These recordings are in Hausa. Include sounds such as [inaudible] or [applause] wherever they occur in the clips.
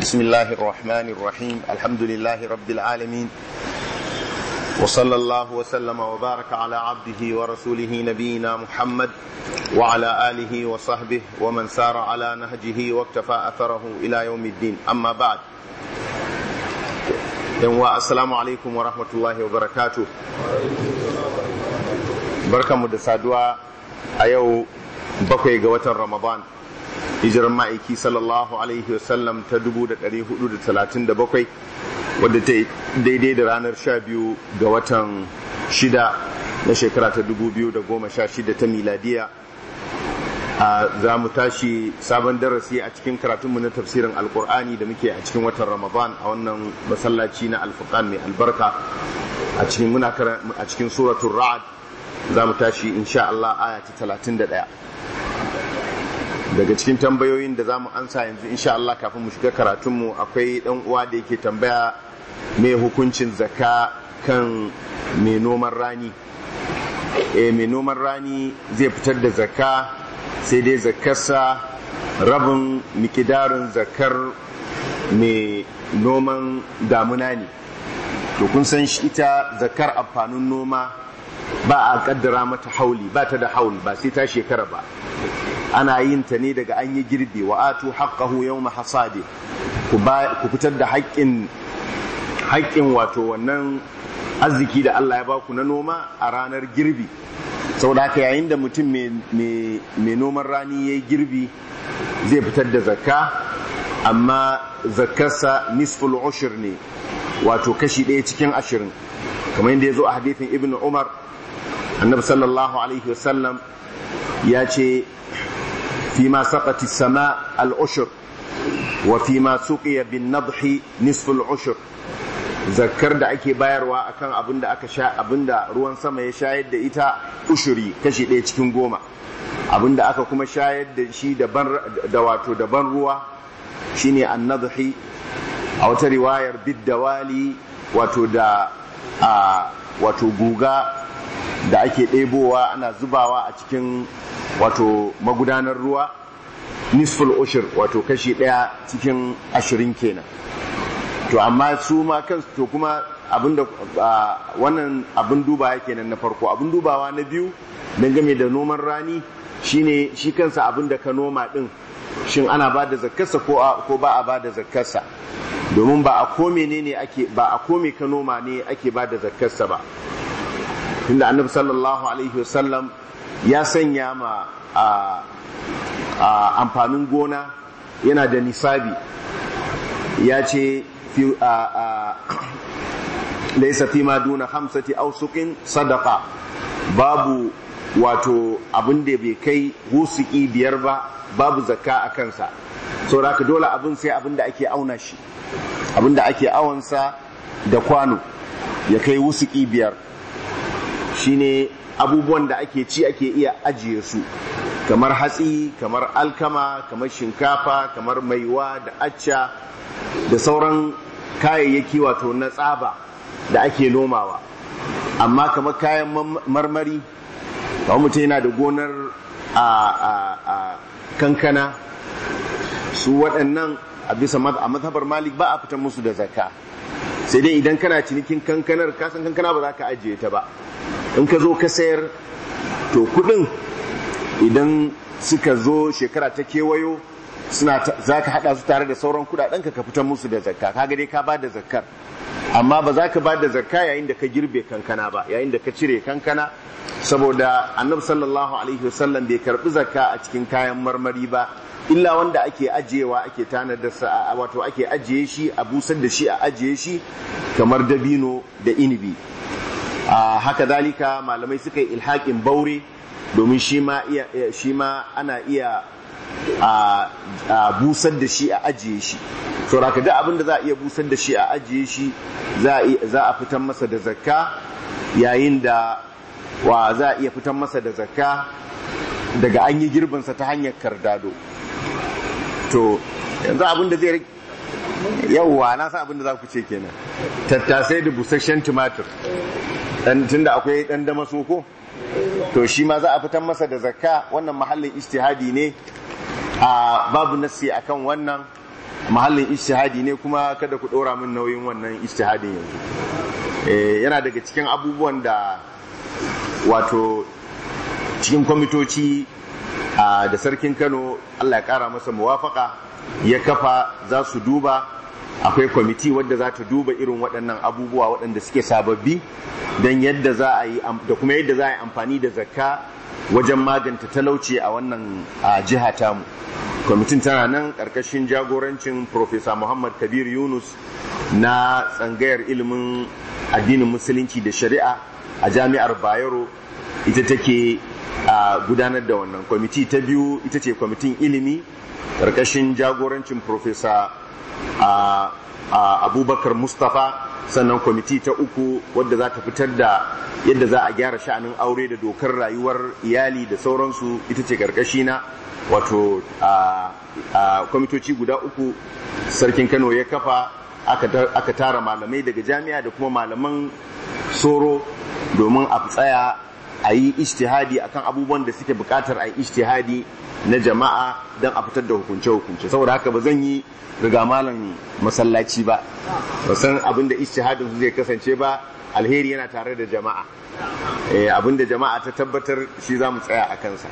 بسم الله الرحمن الرحيم الحمد لله رب العالمين وصلى الله وسلم وبارك على عبده ورسوله نبينا محمد وعلى آله وصحبه ومن سار على نهجه واكتفى أثره إلى يوم الدين أما بعد السلام عليكم ورحمة الله وبركاته بركة مدسادوا أيو بقي قوة رمضان hijiran ma'aiki sallallahu alaihi wasallam ta 437 wadda ta daidai da ranar 12 ga watan 6 na shekara ta 2016 ta miladiya za mu tashi sabon darasi a cikin karatunmu na tafsirin alkur'ani da muke a cikin watan ramadan a wannan masallaci na alfuqan mai albarka a cikin muna a cikin suratul ra'ad za mu tashi insha Allah aya ta 31 daga cikin tambayoyin da za mu ansa yanzu insha Allah kafin mu shiga karatun mu akwai dan uwa da yake tambaya me hukuncin zakka kan me noman rani Eh me noman rani zai fitar da zakka sai dai zakkarsa rabin mikidarin zakar me noman damuna ne to kun san shi ita zakar amfanin noma ba a kaddara mata hauli ba ta da haul ba sai ta shekara ba ana yin ta ne daga an yi girbi wa atu haqqahu yawma hasadi ku fitar da haƙƙin haƙƙin wato wannan arziki da Allah ya ba ku na noma a ranar girbi saboda haka yayin da mutum mai noman rani ya yi girbi zai fitar da zakka amma zakkarsa nisful ushir ne wato kashi ɗaya cikin ashirin kamar yadda ya zo a hadithin ibn umar annabi sallallahu alaihi wasallam ya ce فيما سقت السماء العشر وفيما سقي بالنضح نصف العشر zakar da ake bayarwa akan abin da aka sha abin da ruwan sama ya shayar da ita ushuri kashi ɗaya cikin goma abin da aka kuma shayar da shi da wato daban ruwa shine annadhi a wata riwayar biddawali wato da wato guga da ake ɗebowa ana zubawa a cikin wato magudanar ruwa nisful ushir wato kashi ɗaya cikin ashirin kenan to amma su ma kansu to kuma abinda wannan abin duba kenan na farko abin dubawa na biyu don game da noman rani shine shi kansa abin da ka noma din shin ana ba da zakkarsa ko ba a ba da zakkarsa domin ba a kome ka noma ne ake ba da zakkarsa ba tunda annabi sallallahu alaihi wasallam ya sanya ma amfanin gona yana da nisabi ya ce [clears throat] laisa fi ma duna hamsati ausukin sadaka babu wato abin da bai kai husuki biyar ba babu zakka a kansa saboda ka dole abin sai abin da ake auna shi abin da ake awansa da kwano ya kai husuki biyar shine abubuwan da ake ci ake iya ajiye su kamar hatsi kamar alkama kamar shinkafa kamar maiwa da acca da sauran kayayyaki wato na tsaba da ake nomawa amma kamar kayan marmari ba mutum yana da gonar a kankana su waɗannan a bisa a malik ba a fitar musu da zaka sai dai idan kana cinikin kankanar kasan kankana ba za ka ajiye ta ba in ka zo ka sayar to kudin idan suka zo shekara ta kewayo suna za ka hada su tare da sauran kudaden ka fitar musu da zakka kaga dai ka ba da zakkar amma ba za ka ba da zakka yayin da ka girbe kankana ba yayin da ka cire kankana saboda annabi sallallahu alaihi wasallam bai karbi zakka a cikin kayan marmari ba illa wanda ake ajiyewa ake sa wato ake ajiye shi a busar da shi a ajiye shi kamar dabino da inibi haka zalika malamai suka yi ilhakin baure domin eh, shi ma ana iya a busar da shi a ajiye shi sauraka duk abin da za a iya busar da shi a ajiye shi za a fitan masa da zakka yayin da wa za a iya fitan masa da zakka daga an yi girbinsa ta hanyar kardado to yanzu abin da zai yauwa na san abin da za ku ce kenan tattasai da busasshen tumatir tun da akwai ɗan dama soko to shi ma za a fitar masa da zakka wannan mahallin istihadi ne a babu nassi akan wannan mahallin istihadi ne kuma kada ku ɗora min nauyin wannan istihadi yanzu eh, yana daga cikin abubuwan da wato cikin kwamitoci da sarkin kano allah ya kara masa muwafaka ya kafa za su duba akwai kwamiti wadda za ta duba irin waɗannan abubuwa waɗanda suke sababbi don yadda za a yi da kuma yadda za a yi amfani da zakka wajen maganta talauci a wannan jiha mu. kwamitin tana nan ƙarƙashin jagorancin Profesa Muhammad Kabir Yunus na tsangayar ilimin addinin musulunci da shari'a a jami'ar Bayero ita take a gudanar da wannan kwamiti ta biyu ita ce kwamitin ilimi ƙarƙashin jagorancin profesa abubakar mustapha sannan kwamiti ta uku wadda za ta fitar da yadda za a gyara sha'anin aure da dokar rayuwar iyali da sauransu ita ce karkashi na wato kwamitoci guda uku sarkin kano ya kafa aka tara malamai daga jami'a da kuma malaman soro domin a tsaya a yi ijtihadi akan abubuwan da suke bukatar a yi ijtihadi na jama'a don a fitar da hukunce-hukunce saboda haka ba zan yi riga malam masallaci ba ba san abin da ijtihadin su zai kasance ba alheri yana tare da jama'a eh, abin da jama'a ta tabbatar shi za mu tsaya a kansa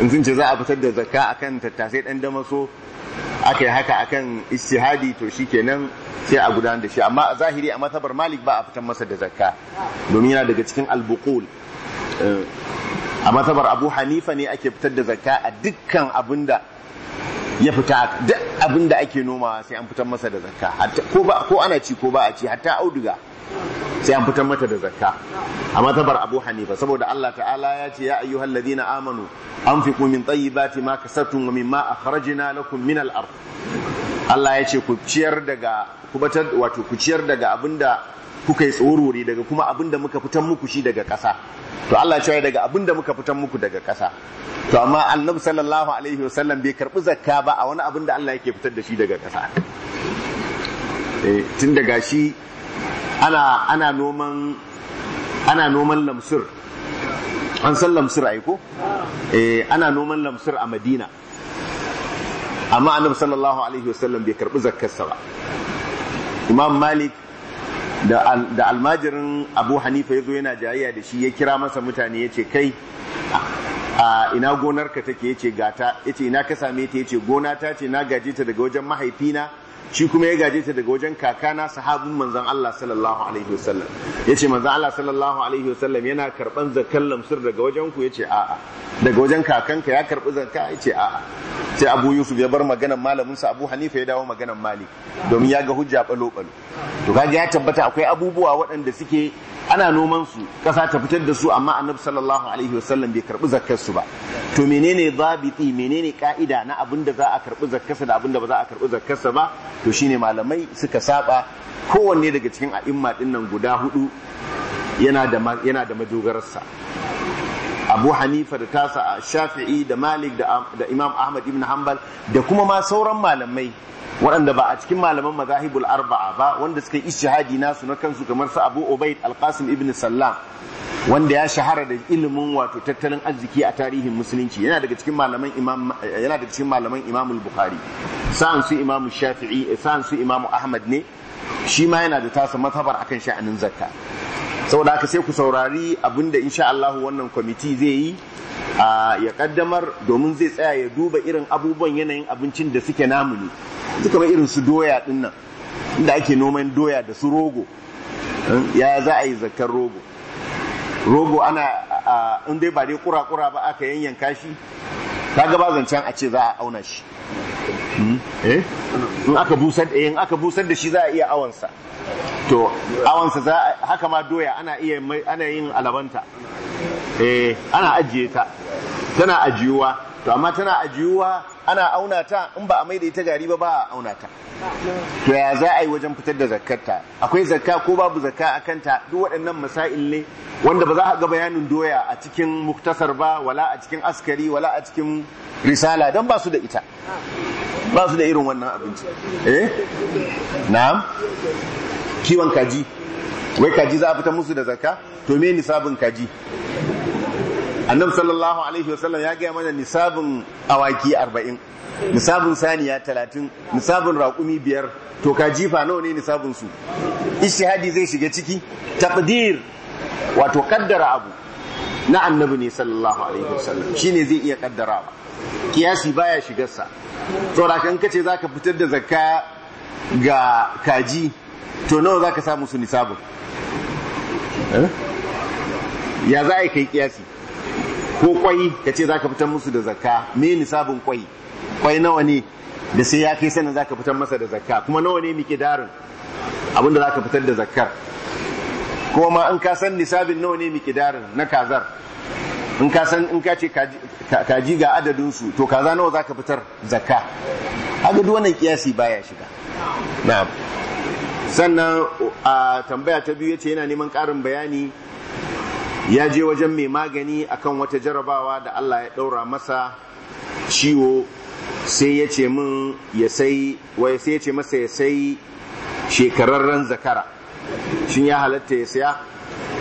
in sun ce za a fitar da zakka akan tattasai dan damaso aka yi haka akan istihadi to shi kenan sai a gudanar da shi amma a zahiri a matabar malik ba a fitar masa da zakka domin yana daga cikin albukul a matabar abu hanifa ne ake fitar da zakka a dukkan abinda da ya fita duk abinda ake nomawa sai an fitar masa da zakka ko ana ci ko ba a ci hatta auduga sai an fitar mata da zakka a matabar abu hanifa saboda allah ta'ala ya ce ya ayyuhal ladina amanu an fi kumin tsayi ma kasatun wa mimma harajina na min al'ar allah ya ce ku ciyar daga kuka yi tsawarware daga kuma abin da muka fitan muku shi daga ƙasa to Allah ya daga abin da muka fitan muku daga ƙasa to amma annabi sallallahu alaihi wasallam bai karbi zakka ba a wani abin da Allah yake fitar da shi daga ƙasa eh, tun daga shi ana ana noman ana noman lamsur an san lamsur ai ko eh ana noman lamsur a Madina amma annabi sallallahu alaihi wasallam bai karbi sa ba Imam Malik da almajirin abu hanifa ya zo yana jayayya da shi ya kira masa mutane ya ce kai a ina gonarka take ya ce gata ya ce ina ka same ta ya ce gona ta ce na gaje ta daga wajen mahaifina shi kuma ya gaje ta daga wajen kakana sahabin manzon Allah sallallahu alaihi wasallam yace manzon Allah sallallahu alaihi wasallam yana karban zakkan lamsir daga wajen ku yace a'a daga wajen kakanka ya karbi zakka yace a'a sai Abu Yusuf ya bar maganar malamin sa Abu Hanifa ya dawo maganar Malik domin ya ga hujja balo balo to kaga ya tabbata akwai abubuwa waɗanda suke ana noman su ƙasa ta fitar da su amma annabi sallallahu alaihi wasallam bai karbi zakkar su ba to menene zabiti menene ka'ida na abin da za a karbi zakkarsa da abin da ba za a karbi zakkarsa ba to shine malamai suka saba kowanne daga cikin a'imma dinnan nan guda hudu yana da yana da majogararsa abu hanifa da tasa a shafi'i da malik da imam ahmad ibn hanbal da kuma ma sauran malamai waɗanda ba a cikin malaman mazahibul arba'a ba wanda suka yi shahadi nasu na kansu kamar su abu ubaid alqasim ibn sallam wanda ya shahara da ilimin wato tattalin arziki a tarihin musulunci yana daga cikin malaman imam yana daga cikin malaman imam bukhari sa'an su imam shafi'i sa'an su imam ahmad ne shi ma yana da tasa mazhabar akan sha'anin zakka saboda haka sai ku saurari abinda insha Allah wannan kwamiti zai yi ya kaddamar domin zai tsaya ya duba irin abubuwan yanayin abincin da suke namu ne suka irin su doya din nan inda ake noman doya da su rogo hmm, ya za a yi zakar rogo rogo ana in ba dai kura-kura ba aka yanyanka shi kaga ba zancen a ce za a auna shi hmm? eh? in aka busar eh, in aka busar da shi za a iya awansa to awansa za haka ma doya ana iya yin alabanta eh ana ajiye ta tana ajiyuwa to amma tana ajiyuwa ana auna ta in ba a maida ita gari ba ba a auna ta to ya za a yi wajen fitar da zakarta akwai zakka ko babu zakka a kanta duk waɗannan masail ne wanda ba za a ga bayanin doya a cikin muktasar ba wala a cikin askari wala a cikin risala dan ba su da ita ba su da irin wannan abinci eh na'am kiwon kaji wai kaji za a fita musu da zakka to me nisabin kaji annabi sallallahu alaihi wasallam ya gaya mana nisabin awaki arba'in nisabin saniya talatin nisabin raƙumi biyar to ka jifa nawa ne nisabin su ishihadi zai shiga ciki taqdir wato kaddara abu na annabi ne sallallahu alaihi wasallam shine zai iya kaddara ba kiyasi baya sa saboda kan kace zaka fitar da zakka ga kaji to nawa zaka samu su nisabin eh? ya za a yi kai kiyasi ko kwai ka ce za ka fitar musu da zakka me nisabin kwai kwai nawa ne da sai ya kai sanin za ka fitar masa da zakka kuma nawa ne muke darin abinda za ka fitar da zakkar ko ma in ka san nisabin nawa ne muke darin na kazar in ka san in ka ce kaji ga adadinsu to kaza nawa za ka fitar zakka haka duk wannan kiyasi baya shiga na'am sannan a tambaya ta biyu yace yana neman ƙarin bayani ya je wajen mai magani akan wata jarabawa da Allah ya ɗaura masa ciwo sai ya ce min ya sai wai sai ya ce masa ya sai shekararren zakara shin ya halatta ya saya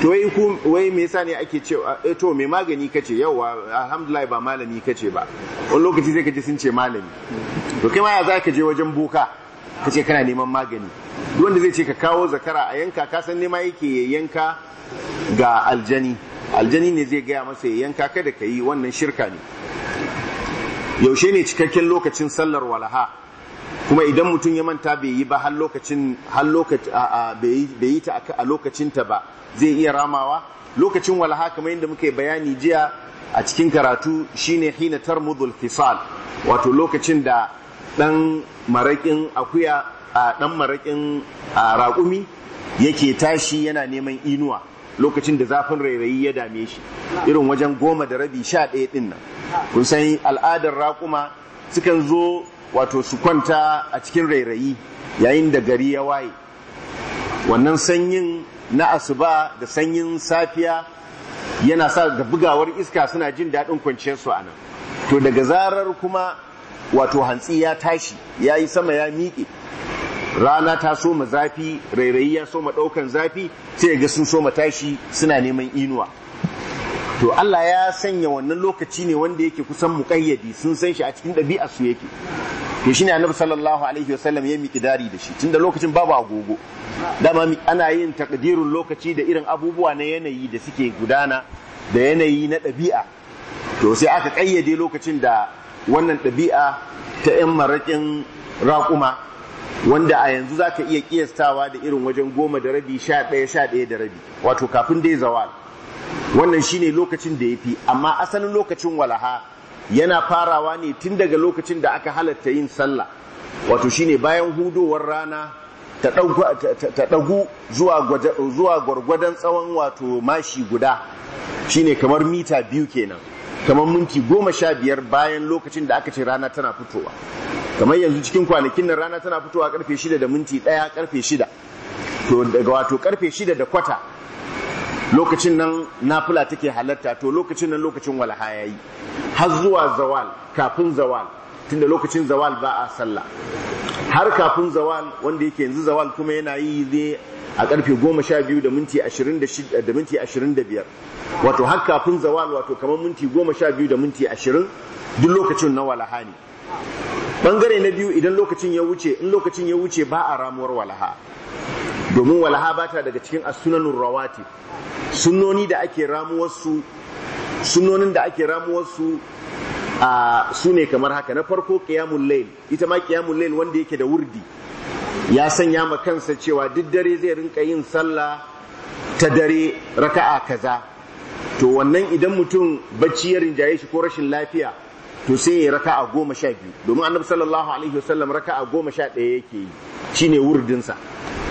to wai ku wai me yasa ne ake cewa eh to mai magani kace yawa alhamdulillah ba malami kace ba wani lokaci sai kace sun ce malami to kai ma ya zaka je wajen boka kace kana neman magani wanda zai ce ka kawo zakara a yanka ka san nema yake ya yanka ga aljani aljani ne zai gaya masa ya yanka kada ka yi wannan shirka ne yaushe ne cikakken lokacin sallar walaha kuma idan mutum ya manta bai yi ba lokacin ta a lokacinta ba zai iya ramawa lokacin walaha kamar yadda muka yi bayani jiya a cikin karatu shine hina tarmudul fisal wato lokacin da dan maraƙin akuya a ɗan maraƙin raƙumi yake tashi yana neman inuwa lokacin da zafin rairayi ya dame shi irin wajen goma da rabi sha ɗaya ɗin nan kun san al'adar raƙuma sukan zo wato su kwanta a cikin rairayi yayin da gari ya waye wannan sanyin na asuba da sanyin safiya yana sa da bugawar iska suna jin daɗin kwanciyarsu a nan to daga zarar kuma wato hantsi ya tashi ya yi sama ya miƙe rana ta soma zafi rairayi ya soma ɗaukan zafi sai ga sun soma tashi suna neman inuwa to Allah ya sanya wannan lokaci ne wanda yake kusan muƙayyadi sun san shi a cikin ɗabi'ar su yake to shine annabi sallallahu alaihi wasallam ya miki dari da shi tunda lokacin babu agogo dama ana yin takdirin lokaci da irin abubuwa na yanayi da suke gudana da yanayi na ɗabi'a to sai aka ƙayyade lokacin da wannan ɗabi'a ta 'yan maraƙin raƙuma wanda a yanzu za ka iya kiyastawa da irin wajen goma da rabi sha ɗaya sha ɗaya da rabi wato kafin dai zawal wannan shine lokacin da ya fi amma asalin lokacin walaha yana farawa ne tun daga lokacin da aka halatta yin sallah wato shine bayan hudowar rana ta ɗagu zuwa gwargwadon tsawon wato mashi guda shine kamar mita biyu kenan kamar minti goma sha biyar bayan lokacin da aka ce rana tana fitowa kamar yanzu cikin kwanakin nan rana tana fitowa karfe shida da minti ɗaya karfe shida to daga wato karfe shida da kwata lokacin nan nafila take halarta to lokacin nan lokacin walaha yi har zuwa zawal kafin zawal tunda lokacin zawal ba a sallah har kafin zawal wanda yake yanzu zawal kuma yana yi zai a karfe 12 da minti 26 da minti 25 wato har kafin zawal wato kamar minti 12 da minti 20 duk lokacin na walaha ne bangare na biyu idan lokacin ya wuce in lokacin ya wuce ba a ramuwar walaha domin walaha ba ta daga cikin asunanin rawati sunoni da ake ramuwar su sunonin da ake ramuwar su a su ne kamar haka na farko qiyamul layl ita ma qiyamul layl wanda yake da wurdi ya sanya ma kansa cewa duk dare zai rinka yin sallah ta dare raka'a kaza to wannan idan mutum bacci ya rinjaye shi ko rashin lafiya to sai ya raka'a goma sha biyu domin annabi sallallahu alaihi wasallam raka'a goma sha ɗaya yake yi shine wurdinsa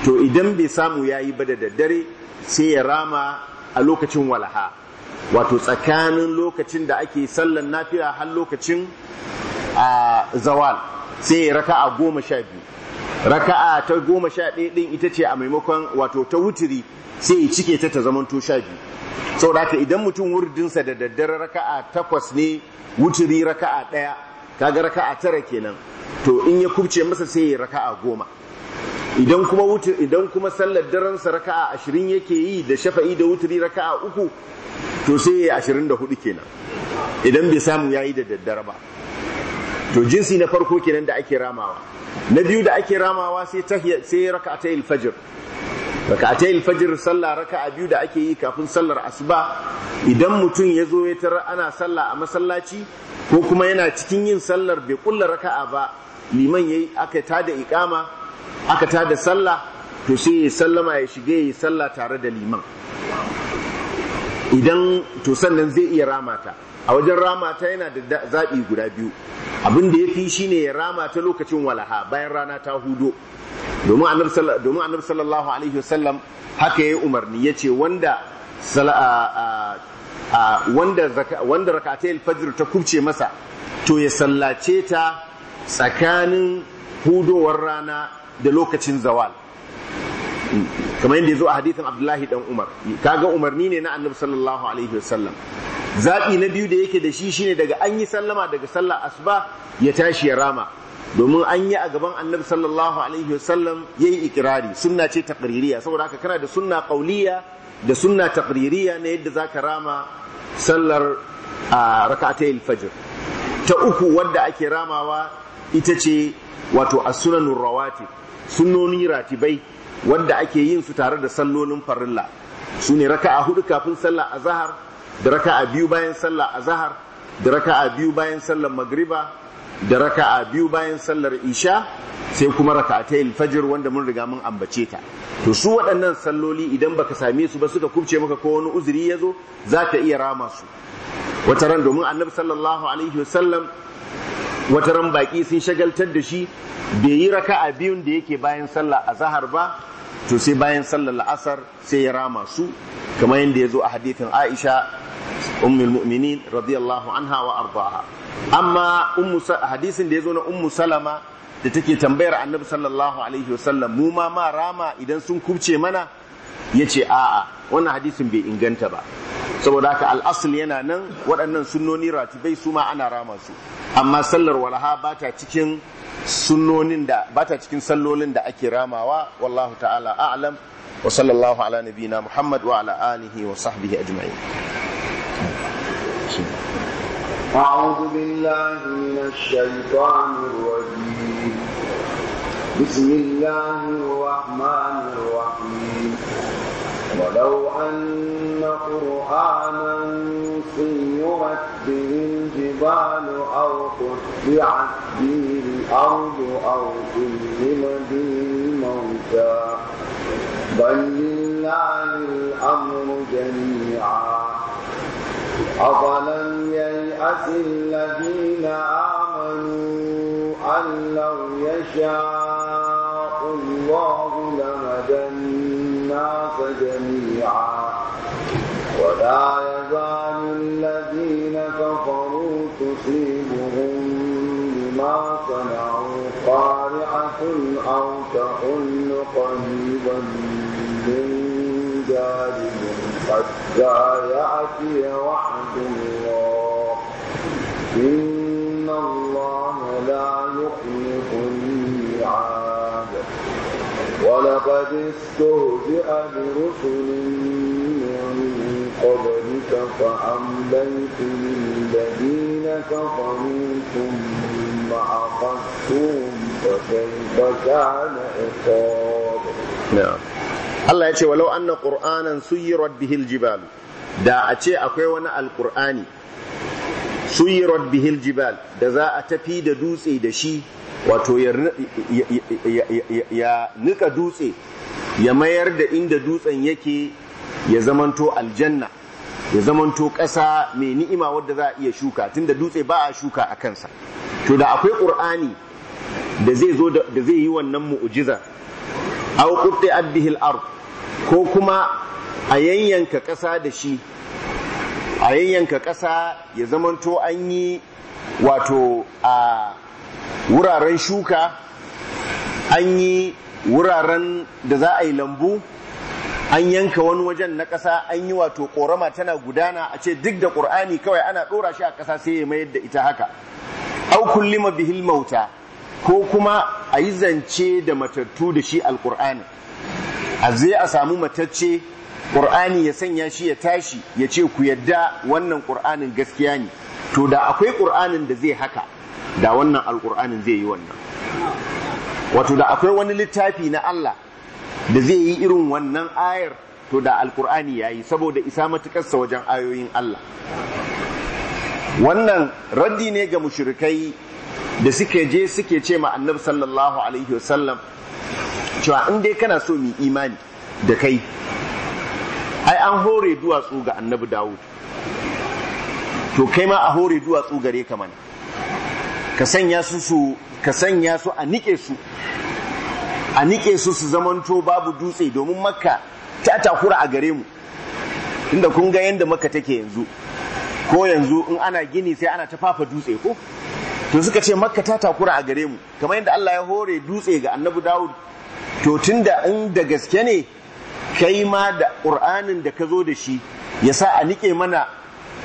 to idan bai samu ya yi ba da daddare sai ya rama a lokacin walaha wato tsakanin lokacin da ake sallan nafiya har lokacin a ah, zawal sai ya raka'a goma sha biyu raka'a ta goma sha ɗaya ɗin ita ce a maimakon wato ta wuturi sai ya cike ta ta zamanto sha biyu saboda haka idan mutum wurdinsa da daddare raka'a takwas ne wuturi raka'a ɗaya kaga raka'a tara kenan to in ya kubce masa sai ya raka'a goma idan kuma idan kuma sallar daren raka'a ashirin yake yi da shafa'i da wuturi raka'a uku to sai ya yi ashirin da hudu kenan idan bai samu ya yi da daddare ba to jinsi na farko kenan da ake ramawa na biyu da ake ramawa sai tahiyya sai al fajr raka'atayil fajr sallah raka'a biyu da ake yi kafin sallar asuba idan mutum ya zo ya tara ana sallah a masallaci ko kuma yana cikin yin sallar bai kulla raka'a ba liman yayi aka tada iqama aka tada sallah to sai ya sallama ya shige ya sallah tare da liman idan to sannan zai iya ramata a wajen rama ta yana da zaɓi guda biyu abin da ya fi shi ne ya rama ta lokacin walaha bayan rana ta hudo domin annabi sallallahu alaihi wasallam haka ya yi umarni ya ce wanda wanda rakatai alfajir ta kubce masa to ya sallace ta tsakanin hudowar rana da lokacin zawal kamar yadda ya zo a hadithin abdullahi dan umar kaga umarni ne na annabi sallallahu alaihi wasallam zaɓi na biyu da yake da shi shine daga an yi sallama daga sallah asuba ya tashi ya rama domin an yi a gaban annabi sallallahu alaihi wasallam ya yi ikirari sunna ce taqririya saboda haka kana da sunna qauliya da sunna taqririya na yadda zaka rama sallar a rak'atayil fajr ta uku wadda ake ramawa ita ce wato as-sunanur rawatib sunnoni ratibai wadda ake yin su tare da sallolin farilla su ne raka'a hudu kafin sallar zahar. da raka'a biyu bayan sallar zahar da raka'a biyu bayan sallar magriba da raka'a biyu bayan sallar isha sai kuma raka'atai alfajir wanda mun riga mun ambace ta to su waɗannan salloli idan baka same su ba suka kubce maka ko wani uzuri ya zo za ka iya rama su wata ran domin annabi sallallahu alaihi wasallam wata ran baki sun shagaltar da shi bai yi raka'a biyun da yake bayan sallah a zahar ba to sai bayan sallar la'asar sai ya rama su kamar yadda ya zo a hadithin aisha ummul mu'minin radiyallahu anha wa ardaha amma hadisin da ya zo na ummu salama da take tambayar annabi sallallahu alaihi wasallam mu ma ma rama idan sun kubce mana ya ce a'a wannan hadisin bai inganta ba saboda haka al'asul yana nan waɗannan sunnoni ratibai su ma ana rama su amma sallar walaha ba ta cikin sunnonin da ba ta cikin sallolin da ake ramawa wallahu ta'ala a'lam wa sallallahu ala nabiyina muhammad wa ala alihi wa sahbihi ajma'in أعوذ بالله من الشيطان الرجيم بسم الله الرحمن الرحيم ولو أن قرآنا في وسيرت به الجبال أو قطعت به الأرض أو كلم به الموتى بل لله الأمر جميعا أفلم ييأس الذين آمنوا أن لو يشاء الله لهدى الناس جميعا ولا يزال الذين كفروا تصيبهم بما صنعوا قارعة أو تحل قريبا من جارهم حتى يأتي وعد الله إن الله لا يخلف الميعاد ولقد استهزئ برسل قبلك فأمليت للذين كفروا ثم أخذتهم فكيف كان عقاب نعم Allah ya ce walau anna qur'anan suyirat bihil jibal da a ce akwai wani alqur'ani suyirat bihil jibal da za a tafi da dutse da shi wato ya nika dutse ya mayar da inda dutsen yake ya zamanto aljanna ya zamanto ƙasa mai ni'ima wadda za a iya shuka tunda dutse ba a shuka a kansa to da akwai ƙur'ani da zai zo da zai yi wannan mu'ujiza aw qutti'at bihi al ko kuma a yanyanka ƙasa da shi a yanyanka ƙasa ya zamanto an yi wato a wuraren shuka an yi wuraren da za a yi lambu an yanka wani wajen na ƙasa an yi wato ƙorama tana gudana a ce duk da ƙur'ani kawai ana ɗora shi a ƙasa sai ya mayar da ita haka au kullima bihil mauta ko kuma a yi zance da matattu da shi alƙur'ani a zai a samu matacce ƙur'ani ya sanya shi ya tashi ya ce ku yadda wannan ƙur'anin gaskiya ne to da akwai ƙur'anin da zai haka da wannan alƙur'anin zai yi wannan wato da akwai wani littafi na Allah da zai yi irin wannan ayar to da alkur'ani ya yi saboda isa matukarsa wajen ayoyin Allah wannan raddi ne ga mushrikai da suke je suke ce ma annabi sallallahu alaihi wasallam cewa in dai kana so mu imani da kai ai an hore duwatsu ga annabi dawud to kai ma a hore duwatsu gare ka mana ka sanya su ka sanya su a nike su a nike su su zamanto babu dutse domin makka ta takura a gare mu inda kun ga yadda makka take yanzu ko yanzu in ana gini sai ana ta fafa dutse ko to suka ce makka ta takura a gare mu kamar yadda Allah ya hore dutse ga annabi Dawud to tunda in da gaske ne kai ma da ƙur'anin da ka zo da shi ya sa a nike mana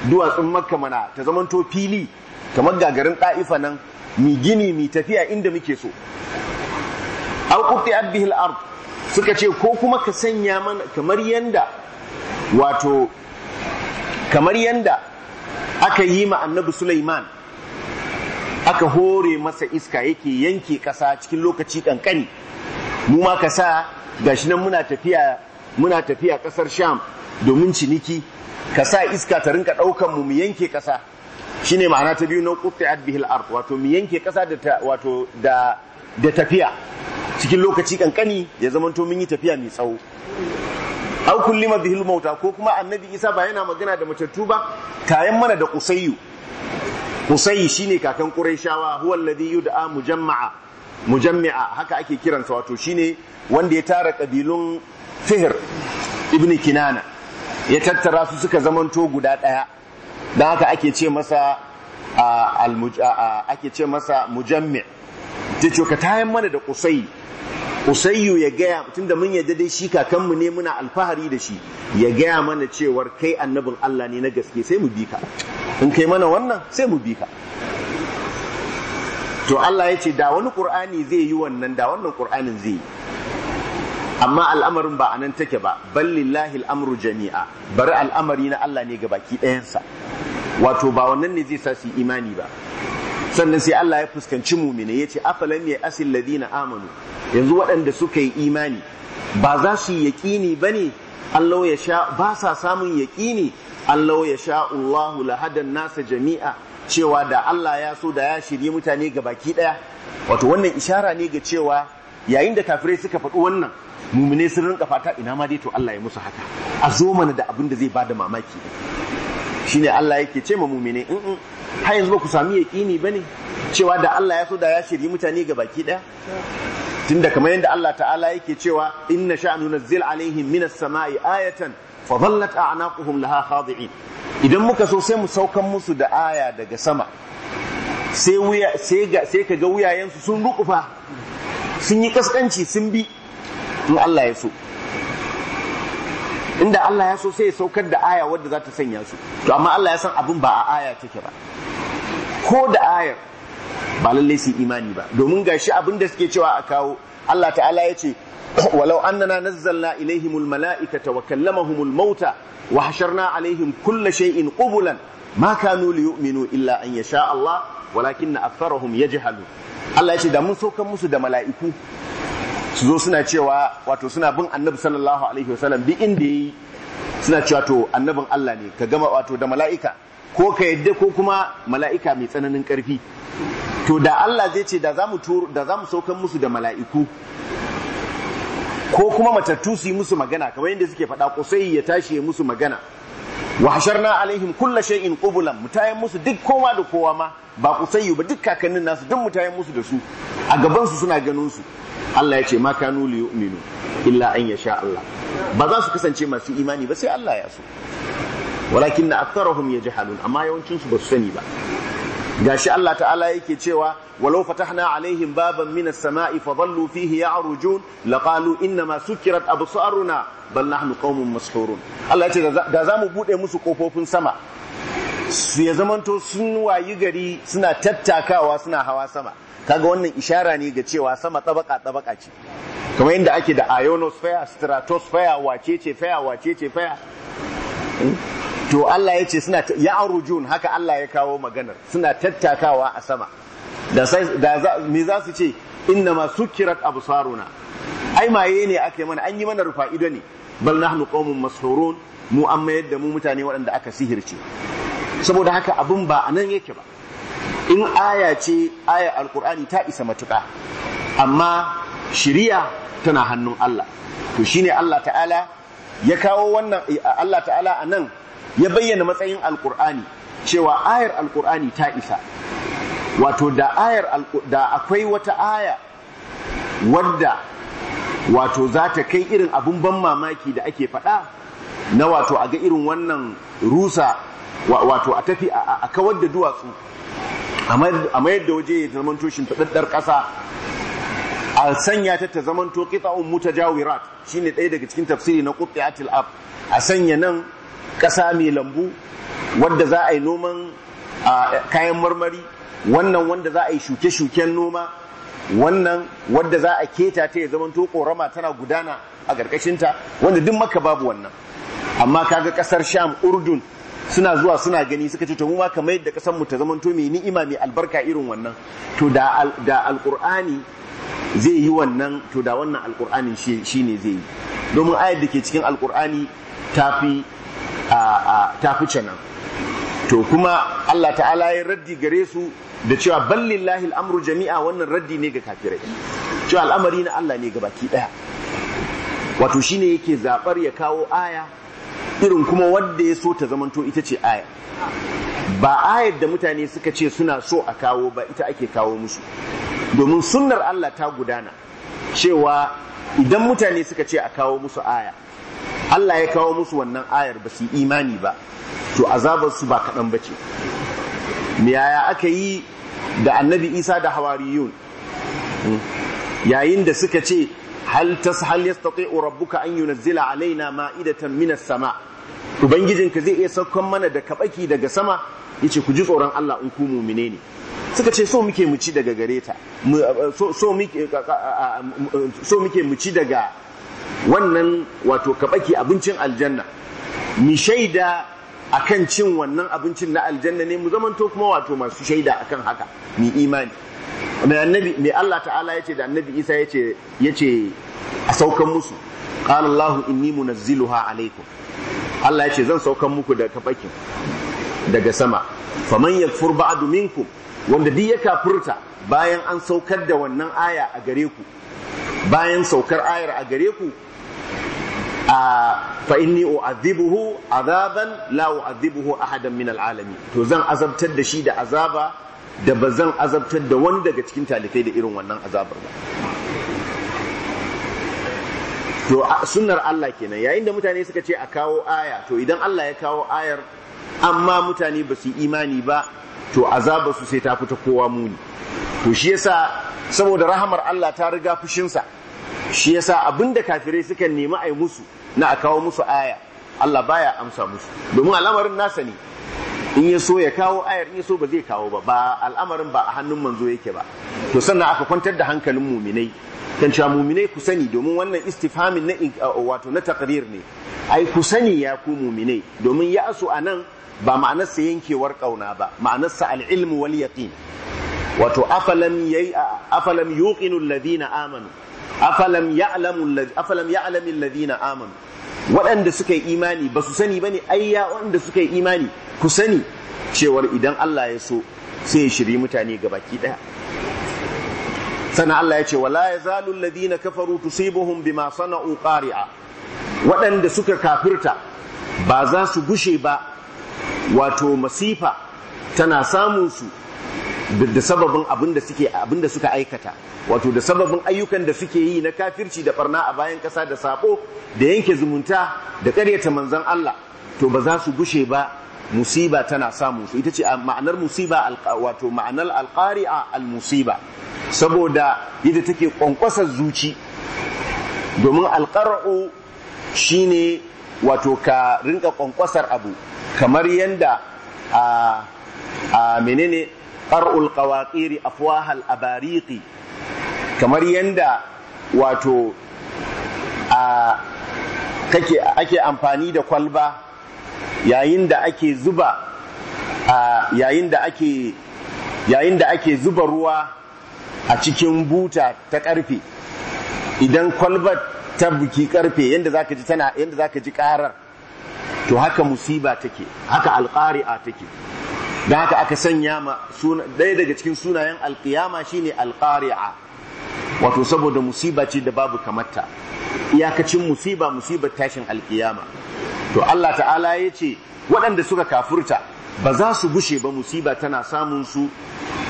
duwatsun makka mana ta zamanto fili kamar gagarin ɗa'ifa nan mi gini mi tafiya inda muke so aw qutti'at bihi ard suka ce ko kuma ka sanya mana kamar yanda wato kamar yanda aka yi ma annabi Sulaiman aka hore masa iska yake yanke ƙasa cikin lokaci kankani mu ma ka sa gashi nan muna tafiya ƙasar Sham domin ciniki ka sa iska ta rinka ɗaukan mu mu yanke ƙasa shine ma'ana ta biyu na qutti'at bihi al-ard wato mu yanke ƙasa da wato da da tafiya cikin lokaci kankani ya zamanto mun yi tafiya mai tsawo aw kullima bihil mauta ko kuma annabi isa ba yana magana da matattu ba tayan mana da qusayyu qusayyi shine kakan quraishawa huwa alladhi yud'a mujamma'a mujammi'a haka ake kiransa wato shine wanda ya tara kabilun fihr ibni kinana ya tattara su suka zamanto guda daya dan haka ake ce masa ake ce masa mujammi' ta ce ka tayan mana da kusai Kusayyu ya gaya da mun yadda dai shi kakanmu ne muna alfahari da shi ya gaya mana cewar kai annabin Allah ne na gaske sai mu bi ka in kai mana wannan sai mu bi ka to Allah ya ce da wani qur'ani zai yi wannan da wannan qur'anin zai yi amma al'amarin ba anan take ba bal lillahi al'amru jami'a bari al'amari na Allah ne ga baki ɗayansa wato ba wannan ne zai sa su imani ba sannan sai Allah ya fuskanci mumine ya ce afalan ya asil ladina amanu yanzu waɗanda suka yi imani ba za su yi yaƙini ba ne Allah ya sha ba sa samun yaƙini Allah ya sha Allah lahadan nasa jami'a cewa da Allah ya so da ya shirye mutane ga baki ɗaya wato wannan ishara ne ga cewa yayin da kafirai suka faɗi wannan mumine sun rinka fata ina ma dai to Allah ya musu haka a zo mana da abin da zai ba da mamaki shine Allah yake ce ma mumine in har yanzu ba ku sami yaƙini ba ne cewa da Allah ya so da ya shirye mutane ga baki ɗaya da kamar yadda Allah ta'ala yake cewa inna sha'nu nazzil alaihim minas sama'i ayatan fa dhallat a'naquhum laha khadi'in idan muka so sai mu saukan musu da aya daga sama sai wuya ga sai kaga wuyayensu sun rukufa sun yi ƙasƙanci sun bi in Allah ya so inda Allah ya so sai ya saukar da aya wadda za ta sanya su to amma Allah ya san abin ba a aya take ba ko da ayar ba lallai su imani ba domin gashi abin da suke cewa a kawo Allah ta'ala ya ce walau annana nazzalna ilaihimul mala'ikata wa kallamahumul mauta wa hasharna alaihim kulla shay'in qubulan ma kanu liyu'minu illa an yasha Allah walakinna aktharuhum halu Allah ya ce da mun saukar musu da mala'iku su zo suna cewa wato suna bin annabi sallallahu alaihi wasallam bi inda yi suna cewa to annabin Allah ne ka gama wato da mala'ika ko ka yadda ko kuma mala'ika mai tsananin karfi to da Allah zai ce da zamu da mu saukan musu da mala'iku ko kuma matattu su yi musu magana kamar yadda suke faɗa sai ya tashi ya musu magana wa hasharna alaihim kulla shay'in qubulan mutayen musu duk kowa da kowa ma ba kusai ba duk kakannin nasu duk mutayen musu da su a gaban su suna ganin su Allah ya ce maka nuli li yu'minu illa an yasha Allah ba za su kasance masu imani ba sai Allah ya so walakin na ya ji yajhalun amma yawancinsu ba su sani ba gashi Allah ta'ala yake cewa walau fatahna alaihim baban minas sama'i fa dhallu fihi ya'rujun laqalu inna ma sukirat absaruna bal nahnu qaumun mashhurun Allah ya ce da za mu bude musu kofofin sama su ya zamanto sun wayi gari suna tattakawa suna hawa sama kaga wannan ishara ne ga cewa sama tabaka tabaka ce kamar yadda ake da ionosphere stratosphere wace ce faya wace ce faya hmm? to Allah ya ce suna ya arujun haka Allah ya kawo maganar suna tattakawa a sama da me za su ce inna ma sukirat absaruna ai maye ne ake mana an yi mana rufa ne bal nahnu qaumun mashhurun mu amma yadda mu mutane waɗanda aka sihirce saboda haka abun ba anan yake ba in aya ce aya alkur'ani ta isa matuƙa amma shiriya tana hannun Allah to shine Allah ta'ala ya kawo wannan Allah ta'ala a nan ya bayyana matsayin alkur'ani cewa ayar alkur'ani ta isa wato da ayar da akwai wata aya wadda wato za ta kai irin abun ban mamaki da ake faɗa na wato a ga irin wannan rusa wato a tafi a kawar da duwatsu a mayar da waje ya zamanto fadaddar ƙasa a sanya ta ta zamanto qita'un mutajawirat shine ɗaya daga cikin tafsiri na atil ab a sanya nan kasa mai lambu wadda za a yi noman kayan marmari wannan wanda za a yi shuke-shuken noma wannan wadda za a keta ta ya zamanto korama tana gudana a ƙarƙashinta wanda duk maka babu wannan amma kaga ƙasar sham urdun suna zuwa suna gani suka ce to mu ma kamar yadda kasan mu ta zamanto mai ni'ima mai albarka irin wannan to da da alqur'ani zai yi wannan to da wannan alqur'anin shi shine zai yi domin ayar da ke cikin alqur'ani tafi a tafi canan to kuma Allah ta'ala ya raddi gare su da cewa ballillahi al'amru jami'a wannan raddi ne ga kafirai cewa al'amari na Allah ne gabaki daya wato shine yake zabar ya kawo aya irin kuma wadda ya so ta zamanto ita ce aya ba ayar da mutane suka ce suna so a kawo ba ita ake kawo musu domin sunnar Allah ta gudana cewa idan mutane suka ce a kawo musu aya Allah ya kawo musu wannan ayar ba su imani ba to su ba kaɗan ba ce yaya aka yi da annabi isa da hawariyun yayin da suka ce hal tas hal yastati'u rabbuka an yunzila alaina ma'idatan minas sama' ubangijinka zai iya saukon mana da kabaki daga sama Ya ce ku ji tsoron Allah in ku mumine ne suka ce so muke mu ci daga gare ta so muke mu ci daga wannan wato kabaki abincin aljanna Mi shaida a kan cin wannan abincin na aljanna ne mu zamanto kuma wato masu shaida a kan haka mi imani mai Allah ta'ala ya ce da annabi Isa ya ce a saukan musu qala inni munazziluha alaikum Allah ya ce zan saukan muku da kafakin daga sama faman yakfur ba'du minkum wanda duk ya kafurta bayan an saukar da wannan aya a gare ku bayan saukar ayar a gare ku a fa inni u'adhibuhu azaban la u'adhibuhu ahadan min alalamin to zan azabtar da shi da azaba da bazan azabtar da wani daga cikin talikai da irin wannan azabar ba to sunnar Allah kenan yayin da mutane suka ce a kawo aya to idan Allah ya kawo ayar amma mutane ba su imani ba to azaba su sai ta fita kowa muni to shi yasa saboda rahamar Allah ta riga fushinsa shi yasa abinda kafirai suka nemi a yi musu na a kawo musu aya Allah baya amsa musu domin al'amarin nasa ne in ya so ya kawo ayar in ya so ba zai kawo ba ba al'amarin ba a hannun manzo yake ba to sannan aka kwantar da hankalin muminai kan cewa muminai ku sani domin wannan istifamin na wato na taqrir ne ai ku sani ya ku muminai domin ya a nan ba ma'anarsa yankewar kauna ba ma'anarsa al-ilmu wal yaqin wato afalam yai afalam yuqinu alladhina amanu afalam amanu waɗanda suka yi imani ba su sani ba ne ayya waɗanda suka yi imani ku sani cewar idan Allah ya so sai ya shiri mutane ga baki ɗaya sana Allah ya ce wala ya zalu alladhina kafaru tusibuhum bima sana'u qari'a waɗanda suka kafirta ba za su gushe ba wato masifa tana samun su da sababin abin da suke abin da suka aikata wato da sababin ayyukan da suke yi na kafirci da barna a bayan kasa da sako da yanke zumunta da ƙaryata manzan Allah to ba za su gushe ba musiba tana samun su ita ce ma'anar musiba wato ma'anar a almusiba saboda yadda take kwankwasar zuci domin alqar'u shine wato ka rinka kwankwasar abu kamar yanda a menene qar'ul qawaqiri a abariqi kamar yadda wato a kake ake amfani da kwalba yayin da ake zuba a yayin da ake zuba ruwa a cikin buta ta karfe idan kwalbar ta buki karfe yanda zaka ji tana yanda zaka ji karar to haka musiba take haka alqari'a take da haka aka sanya ma suna ɗaya daga cikin sunayen alƙiyama shine alƙari'a wato saboda musiba ce da babu kamata, iyakacin musiba musibar tashin alƙiyama to Allah ta'ala ya ce waɗanda suka kafurta ba za su gushe ba musiba tana samun su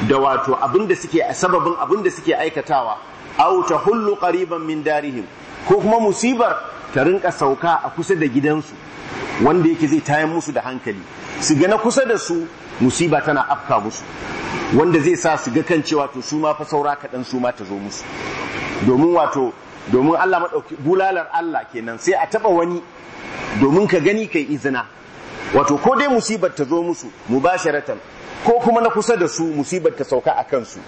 da wato abinda suke a sababin abinda suke aikatawa aw ta hullu qariban min darihim ko kuma musibar ta rinka sauka a kusa da gidansu wanda yake zai tayar musu da hankali su ga na kusa da su musiba tana afka musu wanda zai sa su ga kan cewa to su ma fa saura kaɗan su ma ta zo musu domin wato domin Allah maɗauki bulalar Allah kenan sai a taɓa wani domin ka gani kai izina wato ko dai musibar ta zo musu mubasharatan ko kuma na kusa da su musibar ta sauka a kansu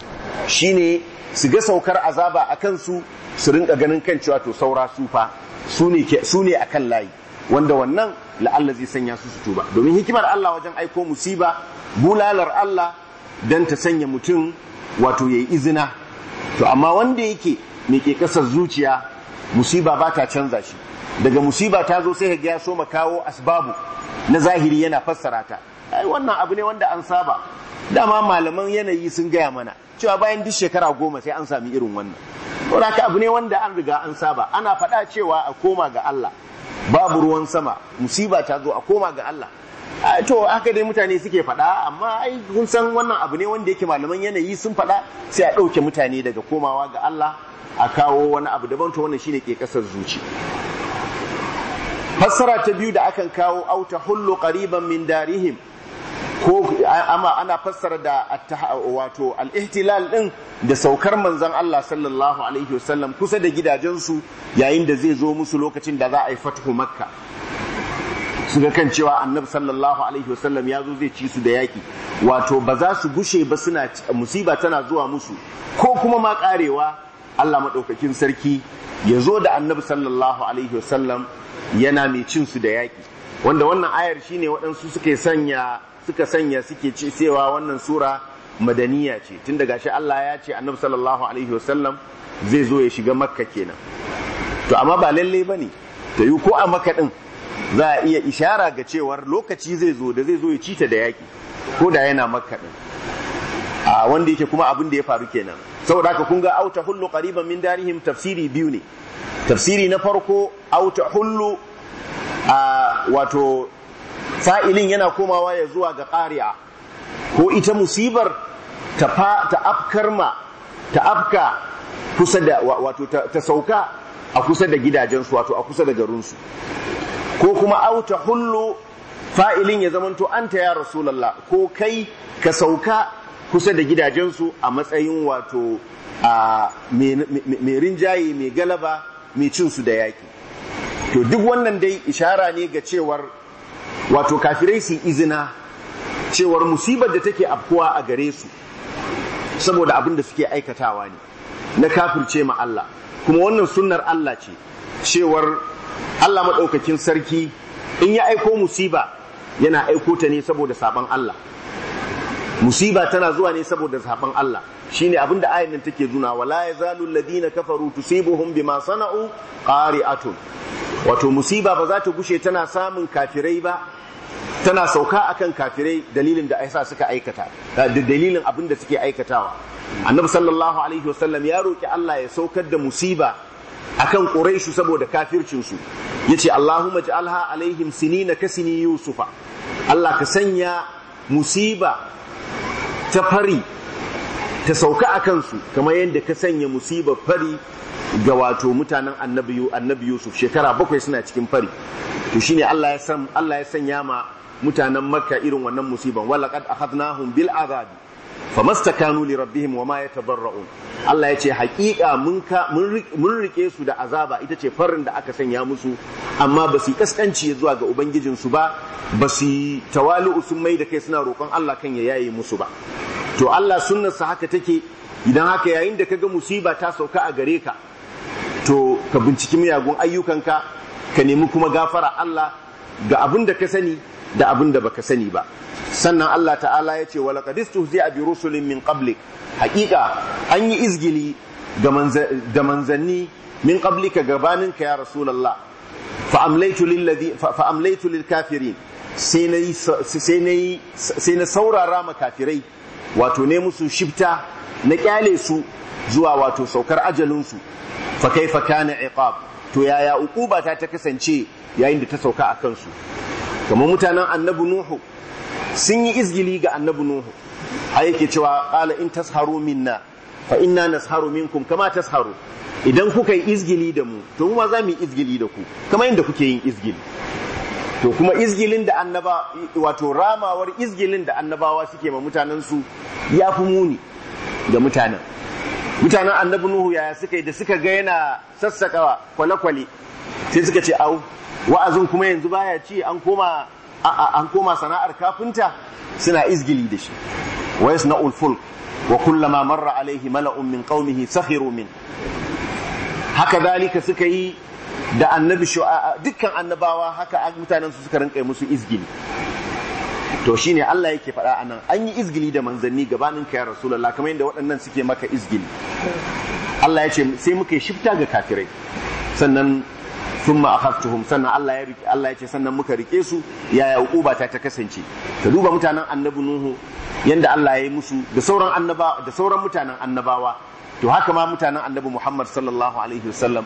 shine su ga saukar azaba a kansu su rinka ganin kan cewa to saura su fa su ne akan layi wanda wannan la'alla zai sanya su su tuba domin hikimar Allah wajen aiko musiba bulalar Allah don ta sanya mutum wato ya yi izina to amma wanda yake me ke kasar zuciya musiba ba ta canza shi daga musiba ta zo sai ya so ma kawo asbabu na zahiri yana fassara ta ai wannan abu ne wanda an saba dama malaman yanayi sun gaya mana cewa bayan duk shekara goma sai an sami irin wannan ka abu ne wanda an riga an saba ana faɗa cewa a koma ga Allah babu ruwan sama musiba ta zo a koma ga Allah to haka dai mutane suke faɗa amma ai kun san wannan abu ne wanda yake malaman yanayi sun faɗa sai a ɗauke mutane daga komawa ga Allah a kawo wani abu daban to wannan shine ke kasar zuci fassara ta biyu da akan kawo auta hullu qariban min darihim ko ana fassara da wato al-ihtilal din da saukar manzon Allah sallallahu alaihi wasallam kusa da gidajensu yayin da zai zo musu lokacin da za a yi fathu makka su ga kan cewa annabi sallallahu alaihi wasallam ya zo zai ci su da yaki wato ba za su gushe ba suna musiba tana zuwa musu ko kuma ma karewa Allah maɗaukakin sarki ya zo da annabi sallallahu alaihi wasallam yana mai cin su da yaki wanda wannan ayar shine waɗansu suke sanya suka sanya suke ce cewa wannan sura madaniya ce tun daga shi Allah ya ce annabi sallallahu alaihi wasallam zai zo ya shiga makka kenan to amma ba lalle bane ta yi ko a makka din za a iya ishara ga cewar lokaci zai zo da zai zo ya cita da yaki ko da yana makka din a wanda yake kuma abin da ya faru kenan saboda haka kun ga auta hullu qariban min darihim tafsiri biyu ne tafsiri na farko auta hullu a wato fa'ilin yana komawa ya zuwa ga ƙari'a ko ita musibar ta afkar ma ta afka kusa da wato ta sauka a kusa da gidajensu wato a kusa da garinsu ko kuma auta hullu fa'ilin ya zamanto ta ya rasu lalla, ko kai ka sauka kusa da gidajensu a matsayin wato a mai rinjaye mai galaba mai cinsu da yaƙi to duk wannan dai ishara ne ga cewar wato kafirai su izina cewar musibar da take afkuwa a gare su saboda abin da suke aikatawa ne na kafirce ma Allah kuma wannan sunnar Allah ce cewar Allah maɗaukakin sarki in ya aiko musiba yana aiko ta ne saboda sabon Allah musiba tana zuwa ne saboda sabon Allah ne abinda da nan take nuna wala yazalu sai kafaru tusibuhum bima sana'u qari'atun wato musiba ba za ta gushe tana samun kafirai ba tana sauka akan kafirai dalilin da aisa suka aikata da dalilin abin da suke aikatawa annabi sallallahu alaihi wasallam ya roki Allah ya saukar da musiba akan quraishu saboda kafircin su yace allahumma ja'alha alaihim sinina kasini yusufa Allah ka sanya musiba ta fari ta sauka a kansu kamar yadda ka sanya musibar fari ga wato mutanen annabi Yusuf shekara bakwai suna cikin fari to shine Allah ya Allah ya sanya ma mutanen Makka irin wannan musiban walaqad akhadnahum bil azab famastakanu li rabbihim wama yatabarra'un Allah ya ce haƙiƙa mun mun rike su da azaba ita ce farin da aka sanya musu amma ba su kaskanci zuwa ga ubangijinsu ba ba su tawali'u sun mai da kai suna roƙon Allah kan ya yaye musu ba to Allah sunnarsa haka take idan haka yayin da kaga musiba ta sauka a gare ka to ka binciki miyagun ayyukanka ka nemi kuma gafara Allah ga abin da ka sani da abin da baka sani ba sannan Allah ta'ala ya ce wa laqad a bi rusulin min qablik haqiqa an yi izgili da manzanni min qablika ka ya rasulullah fa amlaytu lil ladhi fa amlaytu lil kafirin sai na saurara ma kafirai wato ne musu shifta na kyale su zuwa wato saukar ajalinsu fa fa kana iqab to yaya uquba ta ta kasance yayin da ta sauka a kansu kamar mutanen annabi nuhu sun yi izgili ga annabi nuhu har yake cewa qala in tasharu minna fa inna nasharu minkum kama tasharu idan kuka yi izgili da mu to mu ma za mu yi izgili da ku kamar yadda kuke yin izgili to kuma izgilin da annaba wato ramawar izgilin da annabawa suke ma mutanen su ya fi muni ga mutanen mutanen annabi nuhu yaya suka yi da suka ga yana sassaka kwale-kwale sai suka ce au wa'azin kuma yanzu baya ci an koma an koma sana'ar kafinta suna izgili da shi wa yasna'ul fulk wa kullama marra alaihi mala'un min qaumihi sakhiru min haka dalika suka yi da annabi shu'a dukkan annabawa haka mutanen su suka rinka musu izgili to shine Allah yake faɗa anan an yi izgili da manzanni gabanin ka ya rasulullah kamar yadda waɗannan suke maka izgili Allah ya ce sai muka yi shifta ga kafirai sannan thumma akhaftuhum sannan Allah ya rike Allah ya ce sannan muka rike su yaya uquba ta ta kasance ka duba mutanen annabi nuhu yanda Allah ya yi musu da sauran annaba da sauran mutanen annabawa to haka ma mutanen annabi Muhammad sallallahu alaihi wasallam